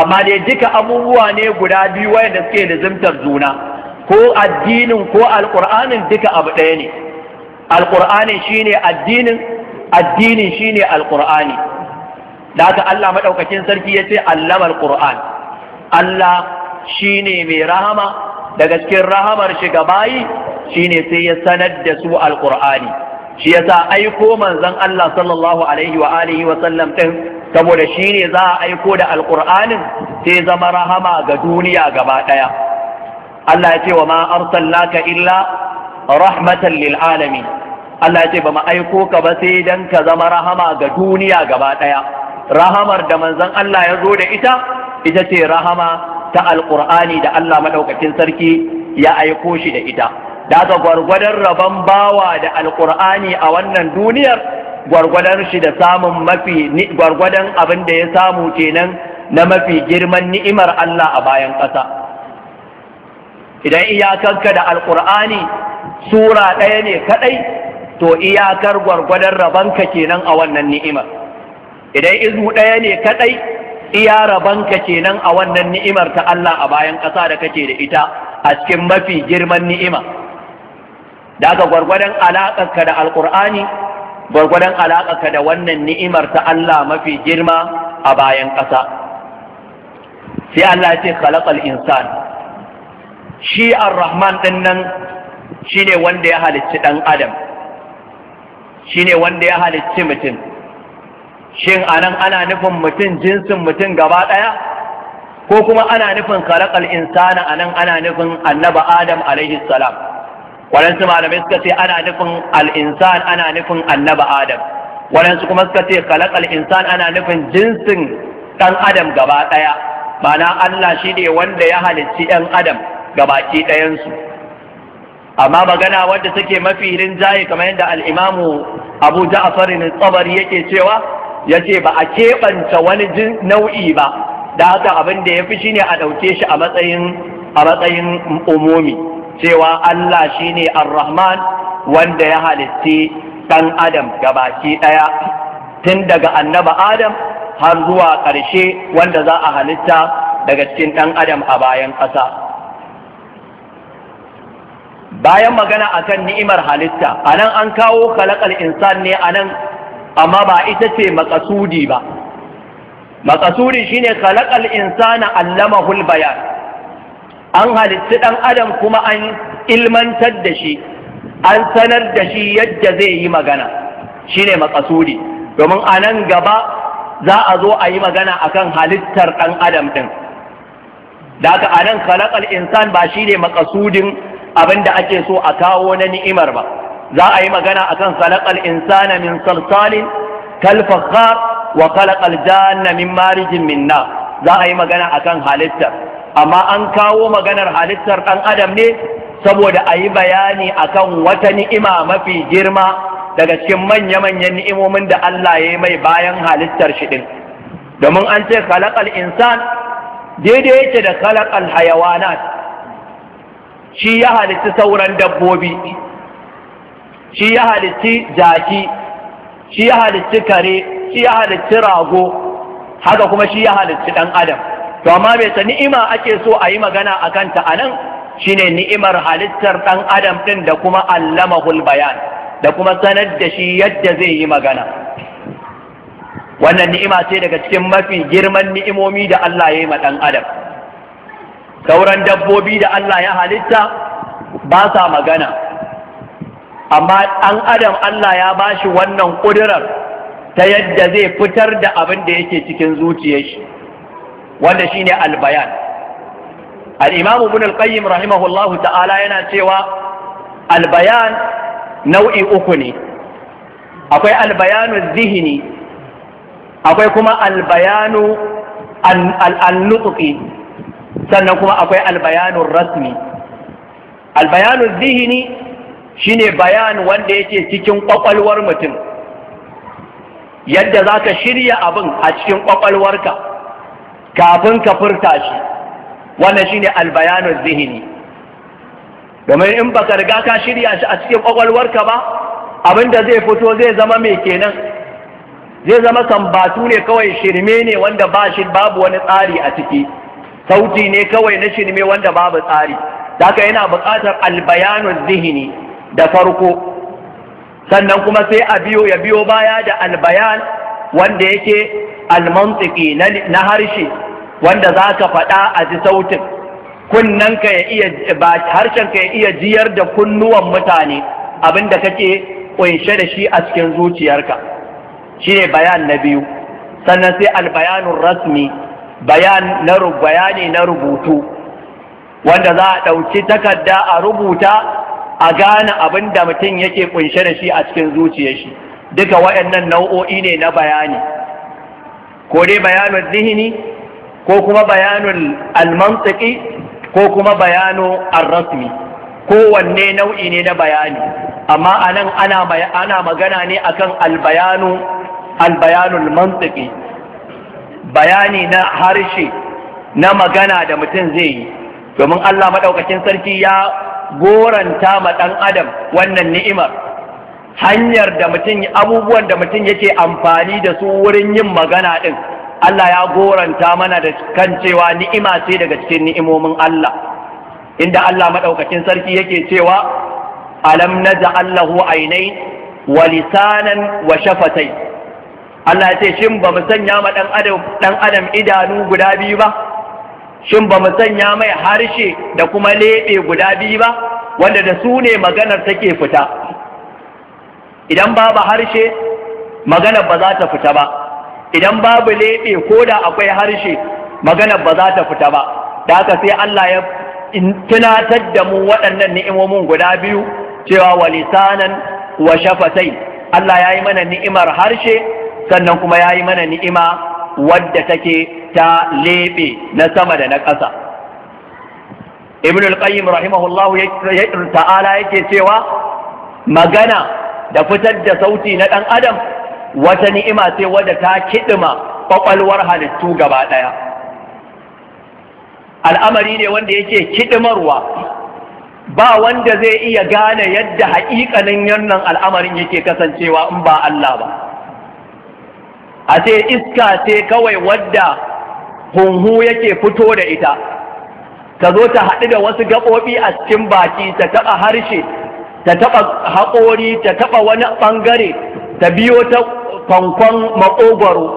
amma dai duka abubuwa ne guda biyu da suke da zimtar juna ko addinin ko alkur'anin duka abu ɗaya ne alkur'ani shine addinin addinin shine alkur'ani da Allah madaukakin sarki ya ce allama alkur'an Allah shine mai rahama daga cikin rahamar shi bayi shi ne sai ya sanar da su alqur'ani shi yasa aiko manzan Allah sallallahu alaihi wa alihi wa sallam din saboda shine za a aiko da alqur'anin sai zama rahama ga duniya gaba ɗaya. Allah ya ce wa ma arsalnaka illa rahmatan lil alamin Allah ya ce ba mu aiko ka ba sai dan ka zama rahama ga duniya gaba ɗaya. rahamar da manzon Allah ya zo da ita ita ce rahama ta alƙur'ani da Allah maɗaukacin sarki ya aiko shi da ita Da daga gwargwadon rabon bawa da alƙur'ani a wannan duniyar gwargwadon shi da samun mafi gwargwadon abin da ya samu kenan na mafi girman ni'imar Allah a bayan ƙasa idan iyakanka da alƙur'ani sura ɗaya ne kaɗai to iyakar gwargwadon rabonka kenan a wannan ni'imar idan izu ɗaya ne kaɗai iya rabanka kenan a wannan ni'imar ta Allah a bayan ƙasa da kake da ita a cikin mafi girman ni'ima daga aka gwargwadon alaƙarka da alƙur'ani gwargwadon alaƙarka da wannan ni'imar ta Allah mafi girma a bayan ƙasa sai Allah ya ce khalaqal insan shi ar-rahman din nan shine wanda ya halicci dan adam shine wanda ya halicci mutum shin anan ana nufin mutum jinsin mutum gaba ɗaya ko kuma ana nufin khalaqal insana anan ana nufin annaba adam alaihi salam waɗansu malamai suka ce ana nufin al ana nufin annaba adam waɗansu kuma suka ce kalaƙal insan ana nufin jinsin ɗan adam gaba ɗaya ma'ana Allah shi ne wanda ya halicci ɗan adam gabaki ɗayansu amma magana wadda take mafi rinjaye kamar yadda al'imamu Abuja Abu ja'afar ne tsabar yake cewa ya ce ba a keɓanta wani nau'i ba da haka abin da ya fi shine a ɗauke shi a matsayin a matsayin umumi cewa Allah shine ar-Rahman wanda ya halitti ɗan Adam gabaki ɗaya tun daga annaba Adam har zuwa ƙarshe wanda za a halitta daga cikin ɗan Adam a bayan ƙasa. Bayan magana akan ni'imar halitta, anan an kawo kalakal insan ne anan amma ba ita ce makasudi ba makasudi shine khalaqal insana allama bayan an halitti dan adam kuma an ilmantar da shi an sanar da shi yadda zai yi magana shine makasudi domin a nan gaba za a zo a yi magana akan halittar ɗan adam ɗin da aka a nan khalaqal insan ba shine makasudin abinda ake so a kawo na ni'imar ba za a yi magana akan khalaqal insana min salsalin kal wa khalaqal janna min marijin minna. za a yi magana akan halittar amma an kawo maganar halittar ɗan adam ne saboda a yi bayani akan wata ni'ima mafi girma daga cikin manya-manyan ni'imomin da Allah ya yi mai bayan halittar shi ɗin. domin an ce khalaqal insan daidai yake da khalaqal hayawanat shi ya halitta sauran dabbobi shi ya halitti jaki shi ya halitti kare shi ya halitti rago haka kuma shi ya halitti ɗan adam to amma bai ta ni'ima ake so a yi magana a kanta a nan shine ni'imar halittar ɗan adam ɗin da kuma allamahul bayan da kuma sanar da shi yadda zai yi magana wannan ni'ima ce daga cikin mafi girman ni'imomi da Allah ya yi ma ɗan adam sauran dabbobi da Allah ya halitta ba sa magana amma an adam Allah ya bashi wannan ƙudurar ta yadda zai fitar da abin da yake cikin zuciyar shi wanda shine albayan al-imam ibn qayyim rahimahullahu ta'ala yana cewa albayan nau'i uku ne akwai albayanu zihini akwai kuma albayanu al sannan kuma akwai albayanu rasmi albayanu zihini shine bayan wanda yake cikin kwakwalwar mutum yadda za ka shirya abin a cikin kwakwalwarka kafin ka furta shi wannan shine albayanun zihini domin in baka riga ka shirya shi a cikin kwakwalwarka ba abin da zai fito zai zama mai kenan zai zama kambatu ne kawai shirme ne wanda ba shi babu wani tsari a ciki sauti ne kawai na shirme wanda babu tsari daka yana buƙatar albayanun zihini da farko sannan kuma sai a biyo ya biyo baya da albayan wanda yake almantiki na harshe wanda za ka faɗa a ji sautin kunnanka ya iya ba harshenka ya iya jiyar da kunnuwan mutane abinda kake ƙunshe da shi a cikin zuciyarka shi ne bayan na biyu sannan sai albayanun rasmi bayan bayani na rubutu wanda za a ɗauki takarda a rubuta a gane abin da mutum yake kunshe da shi a cikin zuciyar shi duka waɗannan nau'o'i ne na bayani ko dai bayanin zihini ko kuma bayanin almantiki ko kuma bayano arrasmi kowanne nau'i ne na bayani amma anan ana ana magana ne akan albayano albayanul mantiki bayani na harshe na magana da mutum zai yi domin Allah maɗaukacin sarki ya goranta ma ɗan adam wannan ni'imar hanyar da mutum abubuwan da mutum yake amfani da su wurin yin magana ɗin Allah ya goranta mana da kan cewa ni'ima ce daga cikin ni'imomin Allah inda Allah maɗaukacin sarki yake cewa alam naj'al lahu ainai wa lisanan wa shafatai Allah ya ce shin ba mu sanya ma ɗan adam idanu guda biyu ba shin ba mu sanya mai harshe da kuma leɓe guda biyu ba wanda da su ne maganar take fita idan babu harshe maganar ba za ta fita ba idan babu leɓe ko da akwai harshe maganar ba za ta fita ba da haka sai Allah ya tunatar da mu waɗannan ni'imomin guda biyu cewa wa lisanan wa shafatai Allah ya yi mana ni'imar harshe sannan kuma ya yi mana ni'ima wadda take ta lebe na sama da na ƙasa ibn al-qayyim rahimahullahu ta'ala yake cewa magana da fitar da sauti na ɗan adam wata ni'ima ce wadda ta kiɗima ƙwaƙwalwar halittu gaba ɗaya al'amari ne wanda yake kiɗimarwa ba wanda zai iya gane yadda haƙiƙanin yannan al'amarin yake kasancewa in ba Allah ba a ce iska ce kawai wadda hunhu yake fito da ita ta zo ta haɗu da wasu gaɓoɓi a cikin baki ta taɓa harshe ta taɓa haƙori ta taɓa wani ɓangare ta biyo ta kwankwan maƙogwaro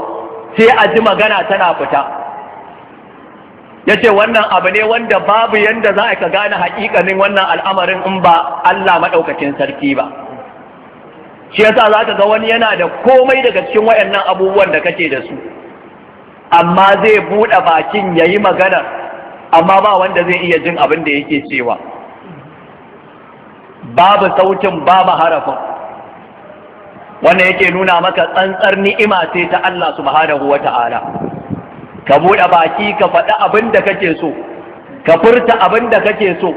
sai a ji magana tana fita ya ce wannan abu ne wanda babu yadda za a ka gane haƙiƙanin wannan al'amarin in ba Allah maɗaukacin sarki ba. shi yasa za ka ga wani yana da komai daga cikin wayannan abubuwan da kake da su amma zai buɗe bakin ya yi magana amma ba wanda zai iya jin abin da yake cewa babu sautin babu harafin wannan yake nuna maka tsantsar ni'ima sai ta Allah subhanahu wata'ala ka buɗe baki ka faɗi abin da kake so ka furta abin da kake so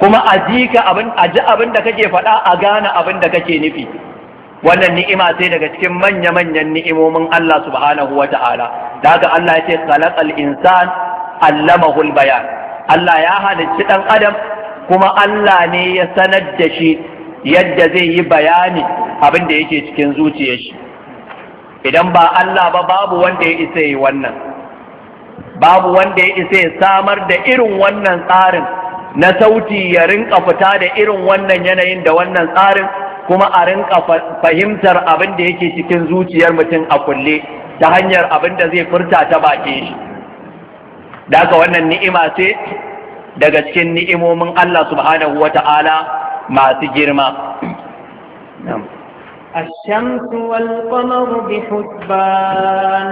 kuma a ji ka abin a ji abin da kake faɗa a gane abin da kake nufi wannan ni'ima sai daga cikin manya-manyan ni'imomin Allah subhanahu wa ta'ala da haka Allah ya ce khalaqal insan allamahul bayan Allah ya halicci dan adam kuma Allah ne ya sanar da shi yadda zai yi bayani abin da yake cikin zuciyar shi idan ba Allah ba babu wanda ya isa yi wannan babu wanda ya isa ya samar da irin wannan tsarin na sauti ya rinka fita da irin wannan yanayin da wannan tsarin kuma a rinka fahimtar abin da yake cikin zuciyar mutum a kulle ta hanyar abin da zai furta ta bakin shi da wannan ni'ima ce daga cikin ni'imomin Allah subhanahu wa ta'ala masu girma الشمس والقمر بحسبان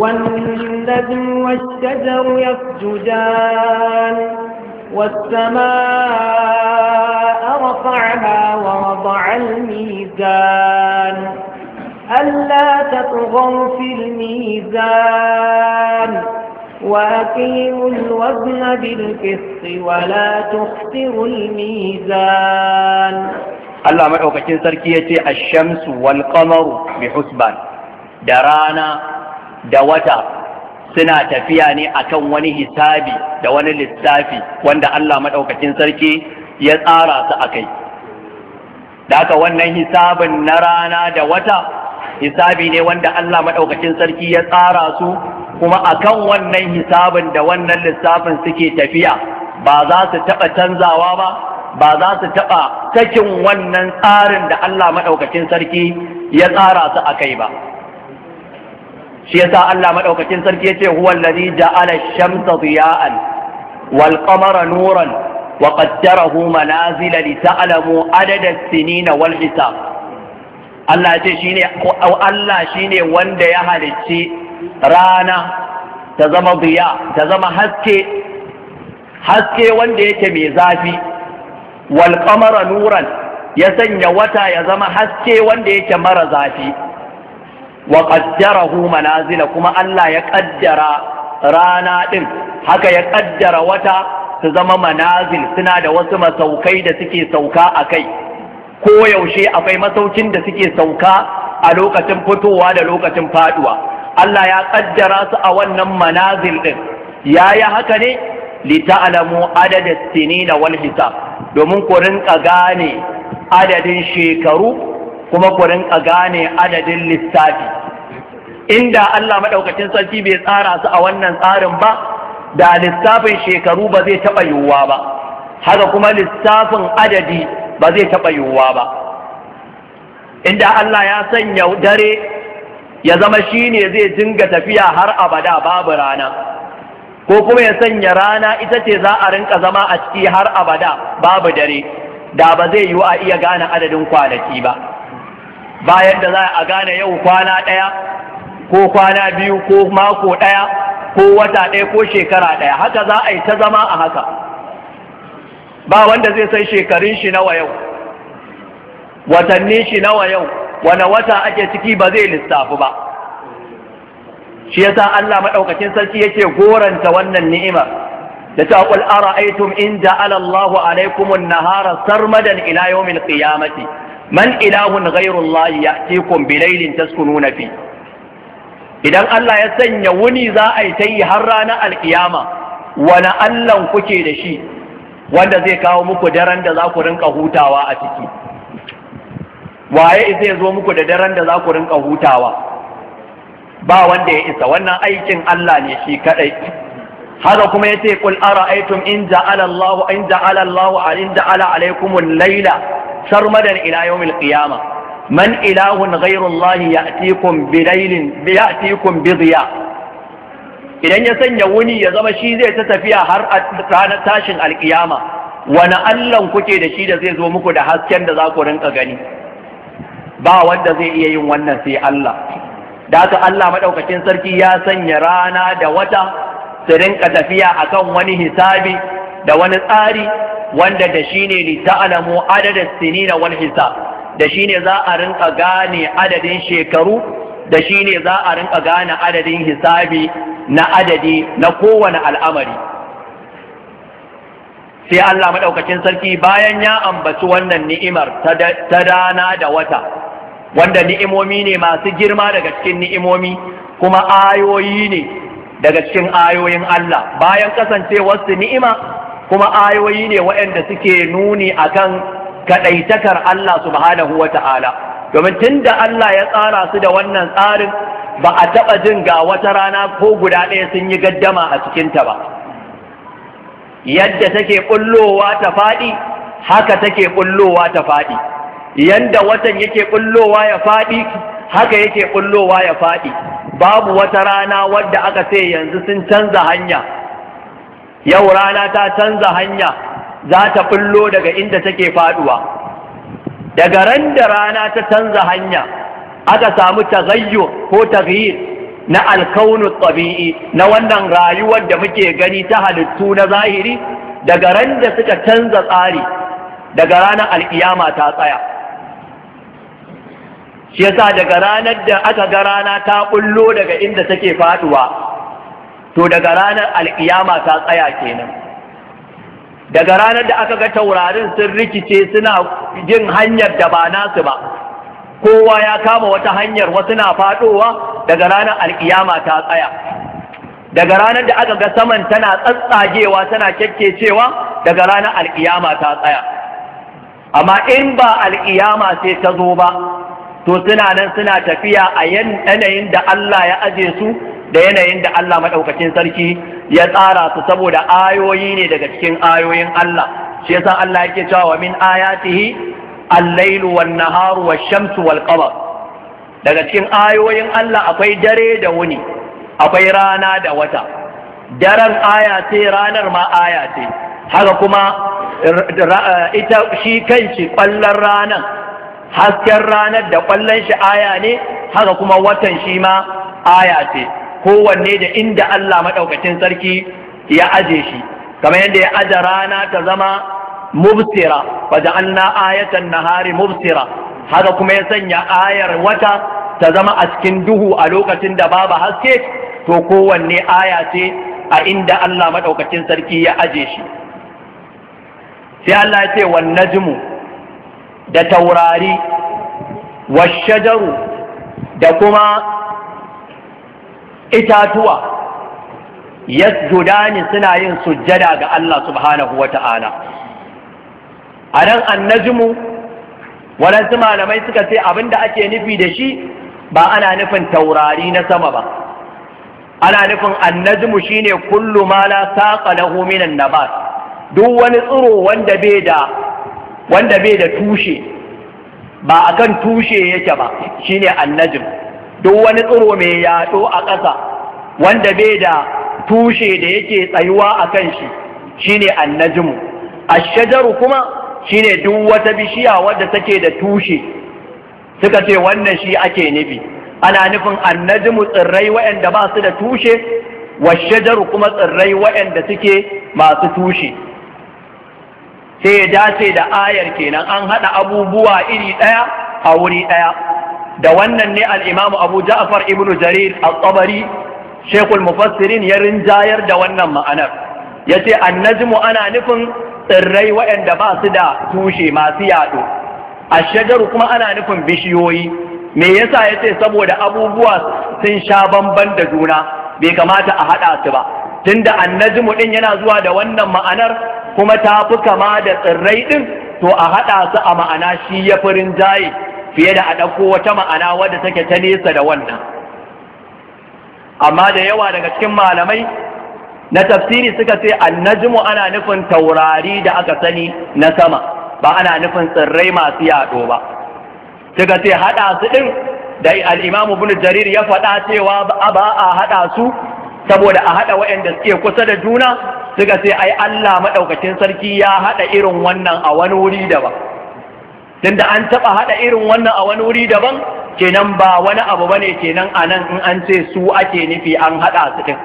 والنجم والشجر يسجدان والسماء رفعها ووضع الميزان ألا تطغوا في الميزان وأقيموا الوزن بالقسط ولا تخسروا الميزان الله maɗaukacin sarki الشمس والقمر بحسبان درانا qamaru suna tafiya ne akan wani hisabi da wani lissafi wanda Allah maɗaukacin sarki ya tsara su a kai. Da haka wannan hisabin na rana da wata hisabi ne wanda Allah maɗaukacin sarki ya tsara su kuma akan wannan hisabin da wannan lissafin suke tafiya ba za su taɓa canzawa ba ba za su taɓa sakin wannan tsarin da Allah maɗaukacin sarki ya tsara su a kai ba. shi yasa Allah madaukakin sarki yace huwal ladhi ja'ala ash-shamsa diya'an wal qamara nuran wa qaddarahu manazila li ta'lamu adada as-sinina wal hisab Allah yace shine Allah shine wanda ya halicci rana ta zama diya ta zama haske haske wanda yake mai zafi wal qamara nuran ya sanya wata ya zama haske wanda yake mara zafi wa qaddarahu manazila kuma Allah ya ƙaddara rana ɗin, haka ya ƙaddara wata su zama manazil suna da wasu masaukai da suke sauka a kai ko yaushe akwai masaukin da suke sauka a lokacin fitowa da lokacin faduwa Allah ya ƙaddara su a wannan manazil ya yayi haka ne li ta'lamu adada sinina wal hisab domin ku rinka gane adadin shekaru kuma ku rinka gane adadin lissafi inda Allah maɗaukacin sarki bai tsara su a wannan tsarin ba da lissafin shekaru ba zai taɓa yiwuwa ba haka kuma lissafin adadi ba zai taɓa yiwuwa ba inda Allah ya sanya dare ya zama shi ne zai dinga tafiya har abada babu rana ko kuma ya sanya rana ita ce za a rinka zama a ciki har abada babu dare da ba zai yiwu a iya gane adadin kwanaki ba bayan da za a gane yau kwana ɗaya ko kwana biyu ko mako ɗaya ko wata ɗaya ko shekara ɗaya haka za a yi ta zama a haka ba wanda zai san shekarun shi nawa yau watanni shi nawa yau wani wata ake ciki ba zai lissafi ba shi yasa Allah maɗaukacin sarki yake goranta wannan ni'imar da ta qul ara'aytum in ja'alallahu Allahu na an-nahara sarmadan ila yawmil qiyamati man ilahun ghairullahi ya'tikum bilailin taskununa fi idan Allah ya sanya wuni za a yi ta yi har ranar alkiyama wani allan kuke da shi wanda zai kawo muku daren da za ku rinka hutawa a ciki waye zai zo muku da daren da za ku rinka hutawa ba wanda ya isa wannan aikin Allah ne shi kadai haka kuma yace kul ara'aytum in ja'ala Allahu laila sarmadan ila yawmil qiyamah man ilahun ghayru Allah ya'tikum bilailin idan ya sanya wuni ya zama shi zai ta tafiya har ranar tashin alkiyama wani allan kuke da shi da zai zo muku da hasken da za ku rinka gani ba wanda zai iya yin wannan sai Allah da haka Allah madaukakin sarki ya sanya rana da wata su rinka tafiya akan wani hisabi da wani tsari wanda da shi ne li ta'lamu adadin sinina wal hisab da shi ne za a rinka gane adadin shekaru da shi ne za a rinka gane adadin hisabi na adadi na kowane al'amari sai Allah maɗaukacin sarki bayan ya ambaci wannan ni'imar ta dana da wata wanda ni'imomi ne masu girma daga cikin ni'imomi kuma ayoyi ne daga cikin ayoyin Allah bayan kasancewarsu ni'ima kuma ayoyi ne waɗanda suke nuni a kan kaɗaitakar Allah subhanahu wa ta'ala domin tun da Allah ya tsara su da wannan tsarin ba a taɓa jin ga wata rana ko guda ɗaya sun yi gaddama a cikinta ba yadda take ƙullowa ta faɗi haka take ƙullowa ta faɗi yanda watan yake ƙullowa ya faɗi haka yake ƙullowa ya faɗi babu wata rana wadda aka sai yanzu sun canza hanya yau rana ta canza hanya za ta ɓullo daga inda take faduwa daga ran da rana ta canza hanya aka samu tazayyo ko taghyir na alkaunu tabi'i na wannan rayuwar da muke gani ta halittu na zahiri daga ran da suka canza tsari daga ranar alkiyama ta tsaya shi yasa daga ranar da aka ga rana ta bullo daga inda take faduwa to daga ranar alkiyama ta tsaya kenan daga ranar da aka ga taurarin sun rikice suna jin hanyar da ba nasu ba kowa ya kama wata hanyar wasu na faɗowa daga ranar alƙiyama ta tsaya daga ranar da aka ga saman tana tsatsagewa tana kyakkecewa daga ranar alkiyama ta tsaya amma in ba alƙiyama sai ta zo ba to suna nan suna tafiya a yanayin da Allah ya aje su da yanayin da Allah maɗaukacin sarki ya tsara su saboda ayoyi ne daga cikin ayoyin Allah shi yasa Allah yake cewa wa min ayatihi al-lailu wan naharu wash-shamsu wal-qamar daga cikin ayoyin Allah akwai dare da wuni akwai rana da wata daren aya ce ranar ma aya ce haka kuma ita shi kanshi kwallon ranar hasken ranar da kwallon shi aya ne haka kuma watan shi ma aya ce kowanne da inda Allah maɗaukacin sarki ya aje shi kamar yadda ya aje rana ta zama mubsira na ayatan nahari mubsira haka kuma ya sanya ayar wata ta zama a cikin duhu a lokacin da babu haske to kowanne aya ce a inda Allah maɗaukacin sarki ya aje shi sai Allah ya ce wan da taurari washajaru da kuma itatuwa judani suna yin sujjada ga Allah subhanahu wata'ala anan annajmu waɗansu malamai suka ce da ake nufi da shi ba ana nufin taurari na sama ba ana nufin annajmu shine kullu ma la na lahu na nabat duk wani tsiro wanda bai da tushe ba akan tushe yake ba shine annajmu duk wani tsoro mai yaɗo a ƙasa wanda bai da tushe da yake tsayuwa a kan shi shine a ashajaru kuma shine duk wata bishiya wadda take da tushe suka ce wannan shi ake nufi ana nufin annajimu tsirrai waɗanda ba su da tushe wa shajaru kuma tsirrai waɗanda suke masu tushe sai ya dace da ayar kenan an haɗa abubuwa iri ɗaya a wuri ɗaya da wannan ne al’imamu Abu Ja'far ibn Jarir al-Tabari Mufassirin ya rinjayar da wannan ma'anar Ya yace an-najmu ana nufin tsirrai waɗanda ba su da tushe masu yaɗo ashajaru kuma ana nufin bishiyoyi me yasa ya ce saboda abubuwa sun sha bamban da juna bai kamata a haɗa su ba tunda an-najmu ɗin yana zuwa da wannan ma'anar kuma ta fi kama da tsirrai ɗin to a haɗa su a ma'ana shi ya fi rinjaye fiye da a ɗauko wata ma'ana wadda take ta nesa da wannan amma da yawa daga cikin malamai na tafsiri suka ce annajmu ana nufin taurari da aka sani na sama ba ana nufin tsirrai masu yaɗo ba suka ce haɗa su ɗin da al'imam bulu jarir ya faɗa cewa ba a haɗa su saboda a haɗa waɗanda suke kusa da juna suka ce ai Allah maɗaukacin sarki ya haɗa irin wannan a wani wuri da ba da an taɓa haɗa irin wannan a wani wuri daban kenan ba wani abu bane kenan anan in an ce su ake nufi an haɗa su ɗin.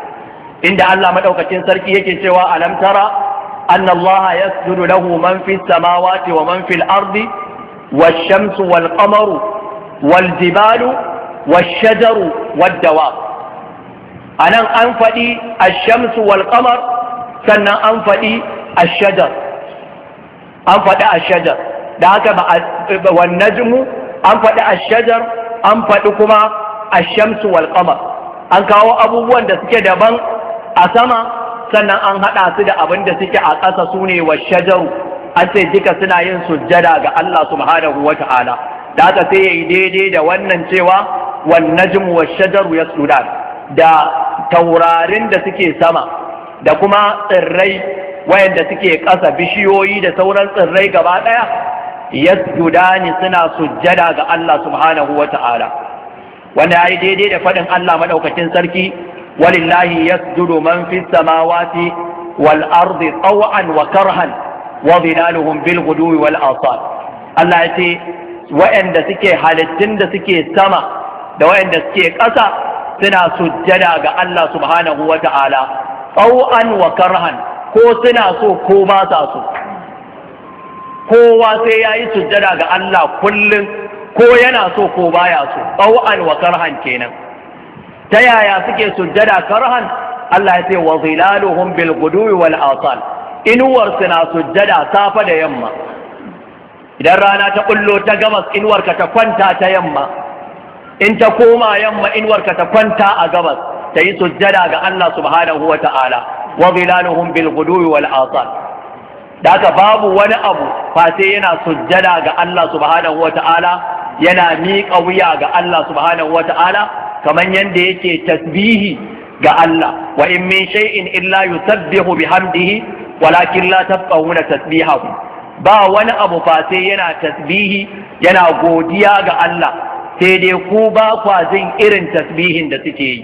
inda Allah maɗaukacin sarki yake cewa alam tara anna Allah yasjudu lahu man fi samawati wa man fil ardi wa shamsu wal-qamaru wal-jibalu shajaru wad-dawab anan an faɗi a shamsu wal-qamar sannan an faɗi a shajar an shajar da haka wan najmu an faɗi a shajar an faɗi kuma ash-shamsu wal an kawo abubuwan da suke daban a sama sannan an haɗa su da abin da suke a ƙasa su ne wa shajaru an sai duka suna yin sujjada ga Allah subhanahu wa ta'ala da haka sai ya yi daidai da wannan cewa wan najmu wa shajaru da taurarin da suke sama da kuma tsirrai wayanda suke ƙasa bishiyoyi da sauran tsirrai gaba ɗaya yasjudani suna sujjada ga Allah subhanahu wa ta'ala wanda yi daidai da fadin Allah maɗaukacin sarki walillahi yasjudu man fis samawati wal ardi taw'an wa karhan wa dhilaluhum bil ghudwi wal asal Allah yace wa'anda suke halittun da suke sama da wayanda suke ƙasa suna sujjada ga Allah subhanahu wa ta'ala taw'an wa karhan ko suna so ko ba sa so kowa sai ya yi sujjada ga Allah kullum ko yana so ko baya so Ɗau'an wa karhan kenan ta yaya suke sujjada karhan Allah ya ce wa zilaluhum bil guduwi wal asal inuwar na sujjada safa da yamma idan rana ta kullo ta gabas inuwar ka ta kwanta ta yamma in ta koma yamma inuwar ka ta kwanta a gabas ta yi sujjada ga Allah subhanahu wa ta'ala wa zilaluhum bil guduwi wal asal da haka babu wani abu fa sai yana sujjada ga Allah subhanahu wata'ala yana miƙa wuya ga Allah subhanahu wata'ala kamar yadda yake tasbihi ga Allah wa in min shay'in illa yusabbihu bihamdihi walakin la tafqahuna tasbihahu ba wani abu fa sai yana tasbihi yana godiya ga Allah sai dai ku ba kwa jin irin tasbihin da suke yi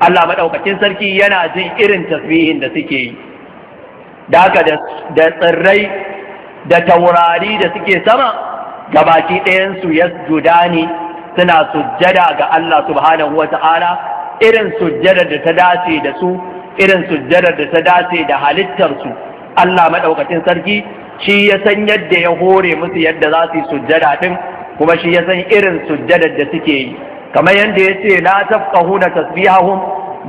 Allah madaukakin sarki yana jin irin tasbihin da suke yi da haka da tsirrai da taurari da suke sama ga baki ɗayansu ya juda ne suna sujjada ga Allah subhanahu wa ta'ala irin sujjadar da ta dace da su irin sujjadar da ta dace da halittarsu Allah maɗaukacin sarki shi ya san yadda ya hore musu yadda za su yi sujjada ɗin kuma shi ya san irin sujjadar da suke yi kamar yadda ya ce la tafqahuna tasbihahum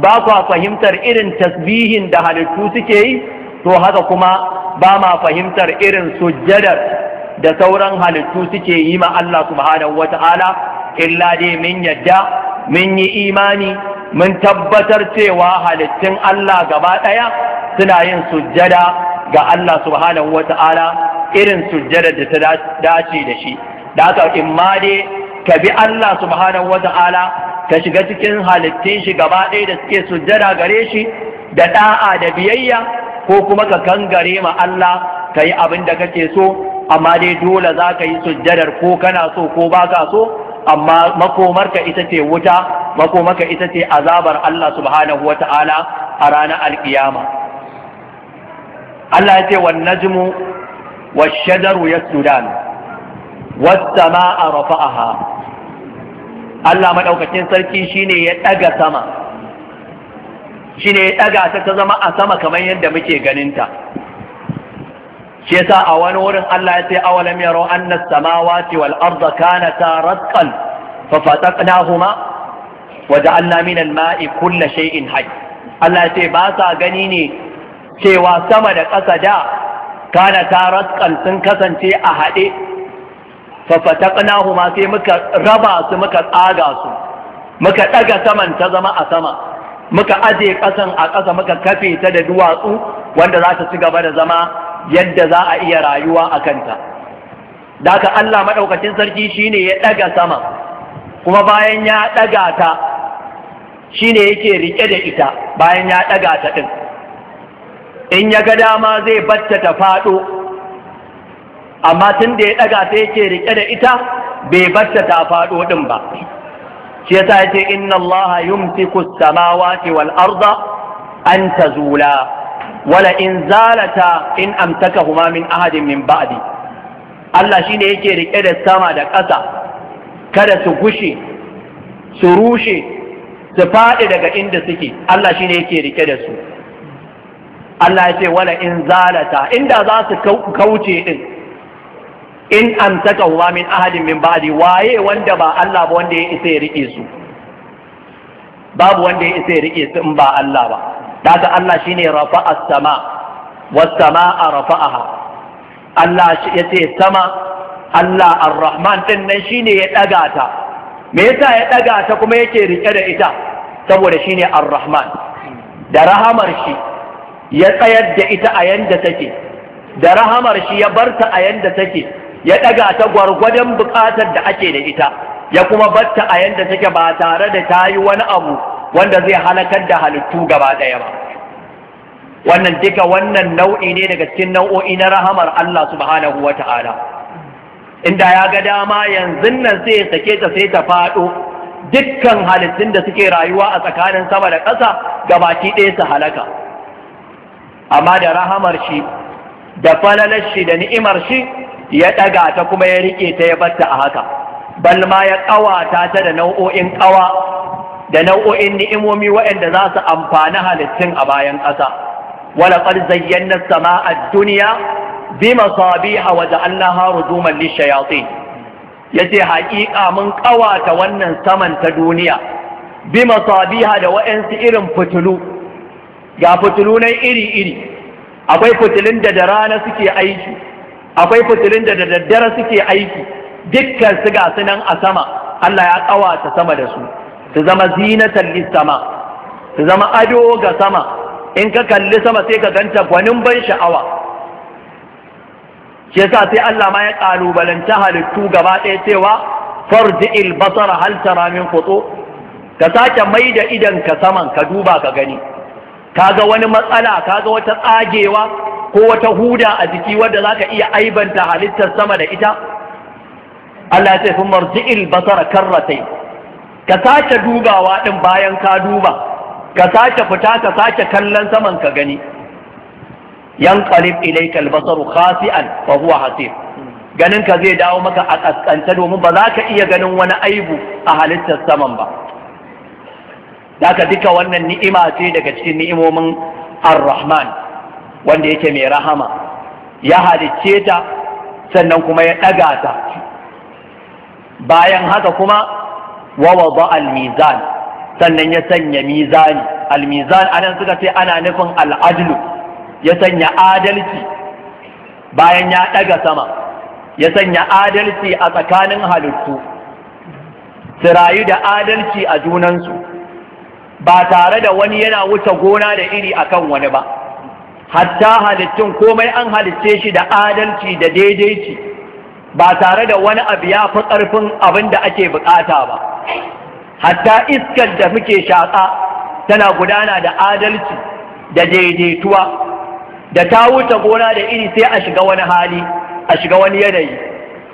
ba kwa fahimtar irin tasbihin da halittu suke yi to haka kuma ba ma fahimtar irin sujjadar da sauran halittu suke yi ma Allah subhanahu wata'ala illa dai min yadda min yi imani mun tabbatar cewa halittun Allah gaba ɗaya suna yin sujjada ga Allah subhanahu wata'ala irin sujjadar da ta dace da shi da haka in ma dai ka bi Allah subhanahu wata'ala ka shiga cikin halittun shi gaba ɗaya da suke sujjada gare shi da ɗa'a da biyayya ko kuma ka kangare ma Allah ka yi abin da kake so amma dai dole za ka yi sujjadar ko kana so ko ba ka so amma makomarka ita ce wuta makomarka ita ce azabar Allah subhanahu wata'ala a ranar alkiyama Allah ya ce wan najmu wash-shajaru yasjudan was-samaa rafa'aha Allah maɗaukacin sarki shine ya ɗaga sama shine ya daga ta ta zama a sama kamar yadda muke ganinta shi yasa a wani wurin Allah ya ce awalam yaro anna samawati wal arda kanata ratqan fa fataqnahuma wa ja'alna min al ma'i shay'in hayy Allah ya ce ba sa gani ne cewa sama da ƙasa da kanata ratqan sun kasance a haɗe fa fataqnahuma sai muka raba su muka tsaga su muka daga saman ta zama a sama muka aje ƙasan a ƙasa muka kafe ta da duwatsu wanda za ta ci gaba da zama yadda za a iya rayuwa a kanta da haka Allah maɗaukacin sarki shi ne ya ɗaga sama kuma bayan ya ɗaga ta shi ne yake riƙe da ita bayan ya ɗaga ta ɗin in ya ga dama zai batta ta faɗo amma tun da ya ɗaga ta yake riƙe da ita bai batta ta faɗo ɗin ba shi yasa yace inna allaha yumsiku as-samawati wal arda an tazula wala in zalata in amsakahuma min ahadin min ba'di Allah shine yake rike da sama da ƙasa kada su gushe su rushe su faɗi daga inda suke Allah shine yake rike da su Allah ya ce wala in zalata inda za su kauce din in amsaka huwa min ahadin min ba'di waye wanda ba Allah ba wanda ya isa ya rike su babu wanda ya isa ya rike su in ba Allah ba daga Allah shine rafa'a sama was samaa rafa'aha Allah yace sama Allah ar-Rahman din nan shine ya daga ta me yasa ya daga ta kuma yake rike da ita saboda shine ar-Rahman da rahamar shi ya tsayar da ita a yanda take da rahamar shi ya barta a yanda take ya ɗaga ta gwargwadon buƙatar da ake da ita ya kuma batta a yanda take ba tare da ta yi wani abu wanda zai halakar da halittu gaba ɗaya ba wannan duka wannan nau'i ne daga cikin nau'o'i na rahamar Allah subhanahu wa ta'ala inda ya ga dama yanzu nan sai sake ta sai ta faɗo dukkan halittun da suke rayuwa a tsakanin sama da ƙasa gabaki ɗaya su halaka amma da rahamar shi da falalar shi da ni'imar shi ya ɗaga ta kuma ya riƙe ta ya batta a haka bal ma ya ƙawata ta da nau'o'in ƙawa da nau'o'in ni'imomi waɗanda za su amfani halittun a bayan ƙasa wala qad zayyana as-sama'a ad-dunya bi masabiha wa ja'alnaha rujuman lish-shayatin yace haƙiƙa mun ƙawata wannan saman ta duniya bi masabiha da wa'ansu irin fitulu ga fitulu iri-iri akwai fitilun da da rana suke aiki akwai fitilun da da daddare suke aiki dukkan su ga sunan a sama Allah ya kawata sama da su su zama zinatan sama su zama ado ga sama in ka kalli sama sai ka ganta gwanin ban sha'awa shi yasa sai Allah ma ya kalubalanta halittu gaba ɗaya cewa farji'il basara hal tara min ka sake mai da idan ka saman ka duba ka gani ka ga wani matsala ka ga wata tsagewa ko wata huda a jiki wadda za ka iya aibanta halittar sama da ita Allah ya ce marji'il basara karratai ka sace dubawa ɗin bayan ka duba ka sace fita ka sace kallon saman ka gani yanqalib ilai kalbasaru khasi'an fa huwa hasir ganin ka zai dawo maka a kaskanta domin ba za ka iya ganin wani aibu a halittar saman ba Daka duka wannan ni'ima ce daga cikin ni'imomin Ar-Rahman wanda yake mai rahama ya halicce ta sannan kuma ya ɗaga ta bayan haka kuma wa ba al-mizan sannan ya sanya mizani almizan mizan anan suka ce ana nufin al'adlu ya sanya adalci bayan ya ɗaga sama ya sanya adalci a tsakanin halittu su rayu da adalci a junansu ba tare da wani yana wuce gona da iri akan wani ba hatta halittun komai an halitce shi da adalci da daidaici ba tare da wani abu ya fi ƙarfin abin da ake bukata ba hatta iskar da muke shaƙa tana gudana da adalci da daidaituwa da ta wuce gona da iri sai a shiga wani hali a shiga wani yanayi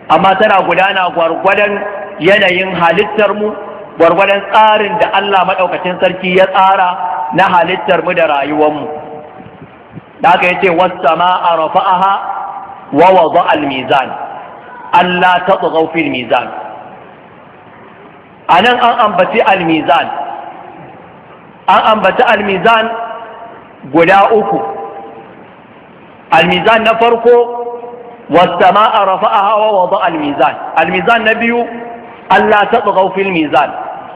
amma tana gudana gwargwadon yanayin halittar mu gwargwadon tsarin da Allah maɗaukacin sarki ya tsara na halittar mu da rayuwar mu daga yace was-samaa rafa'aha wa wada'a al-mizan Allah ta tsogau fil mizan anan an ambaci al-mizan an ambaci al-mizan guda uku al-mizan na farko rafa'aha wa al-mizan al-mizan na biyu والسماء رفعها ووضع mizan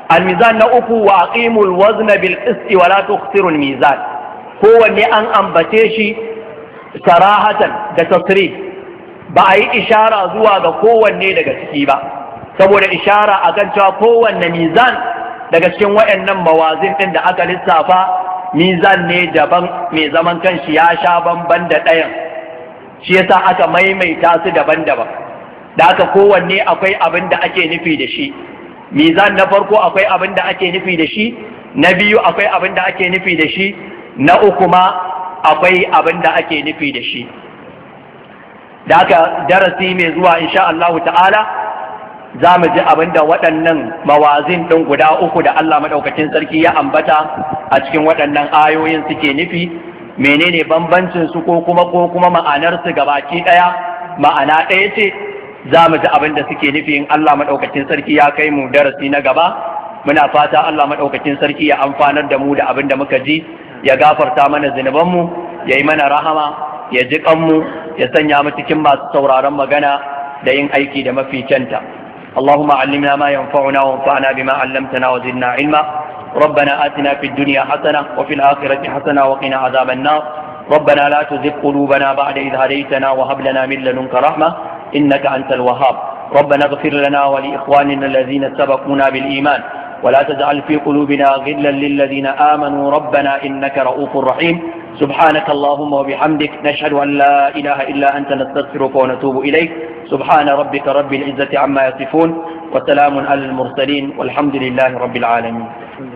al-mizan na uku wa aqimul wazna bil وأقيموا wa la ولا al-mizan kowanne an ambace shi sarahatan da tasrif ba a yi ishara zuwa ga kowanne daga ciki ba saboda ishara a kan cewa kowanne mizan daga cikin waɗannan mawazin ɗin da aka lissafa mizan ne daban mai zaman kanshi ya sha bamban da ɗayan shi yasa aka maimaita su daban-daban da aka kowanne akwai abin da ake nufi da shi mizan na farko akwai abin da ake nufi da shi na biyu akwai abin da ake nufi da shi na uku ma akwai abin da ake nufi da shi da aka darasi mai zuwa insha Allahu ta'ala za mu ji abin da waɗannan mawazin ɗin guda uku da Allah maɗaukacin sarki ya ambata a cikin waɗannan ayoyin suke nufi menene bambancinsu ko kuma ko kuma ma'anar su gabaki ɗaya ma'ana ɗaya ce za mu ji abin da suke nufi in Allah maɗaukacin sarki ya kai mu darasi na gaba muna fata Allah maɗaukacin sarki ya amfanar da mu da abin da muka ji ya gafarta mana zunubanmu ya yi mana rahama ya ji kanmu ya sanya mu cikin masu sauraron magana da yin aiki da mafi kyanta اللهم علمنا ما ينفعنا وانفعنا بما علمتنا وزدنا علما ربنا آتنا في الدنيا حسنة وفي الآخرة حسنة وقنا عذاب النار ربنا لا تزغ قلوبنا بعد إذ هديتنا وهب لنا من لدنك رحمة إنك أنت الوهاب ربنا اغفر لنا ولإخواننا الذين سبقونا بالإيمان ولا تجعل في قلوبنا غلا للذين آمنوا ربنا إنك رؤوف رحيم سبحانك اللهم وبحمدك نشهد أن لا إله إلا أنت نستغفرك ونتوب إليك سبحان ربك رب العزة عما يصفون وسلام على المرسلين والحمد لله رب العالمين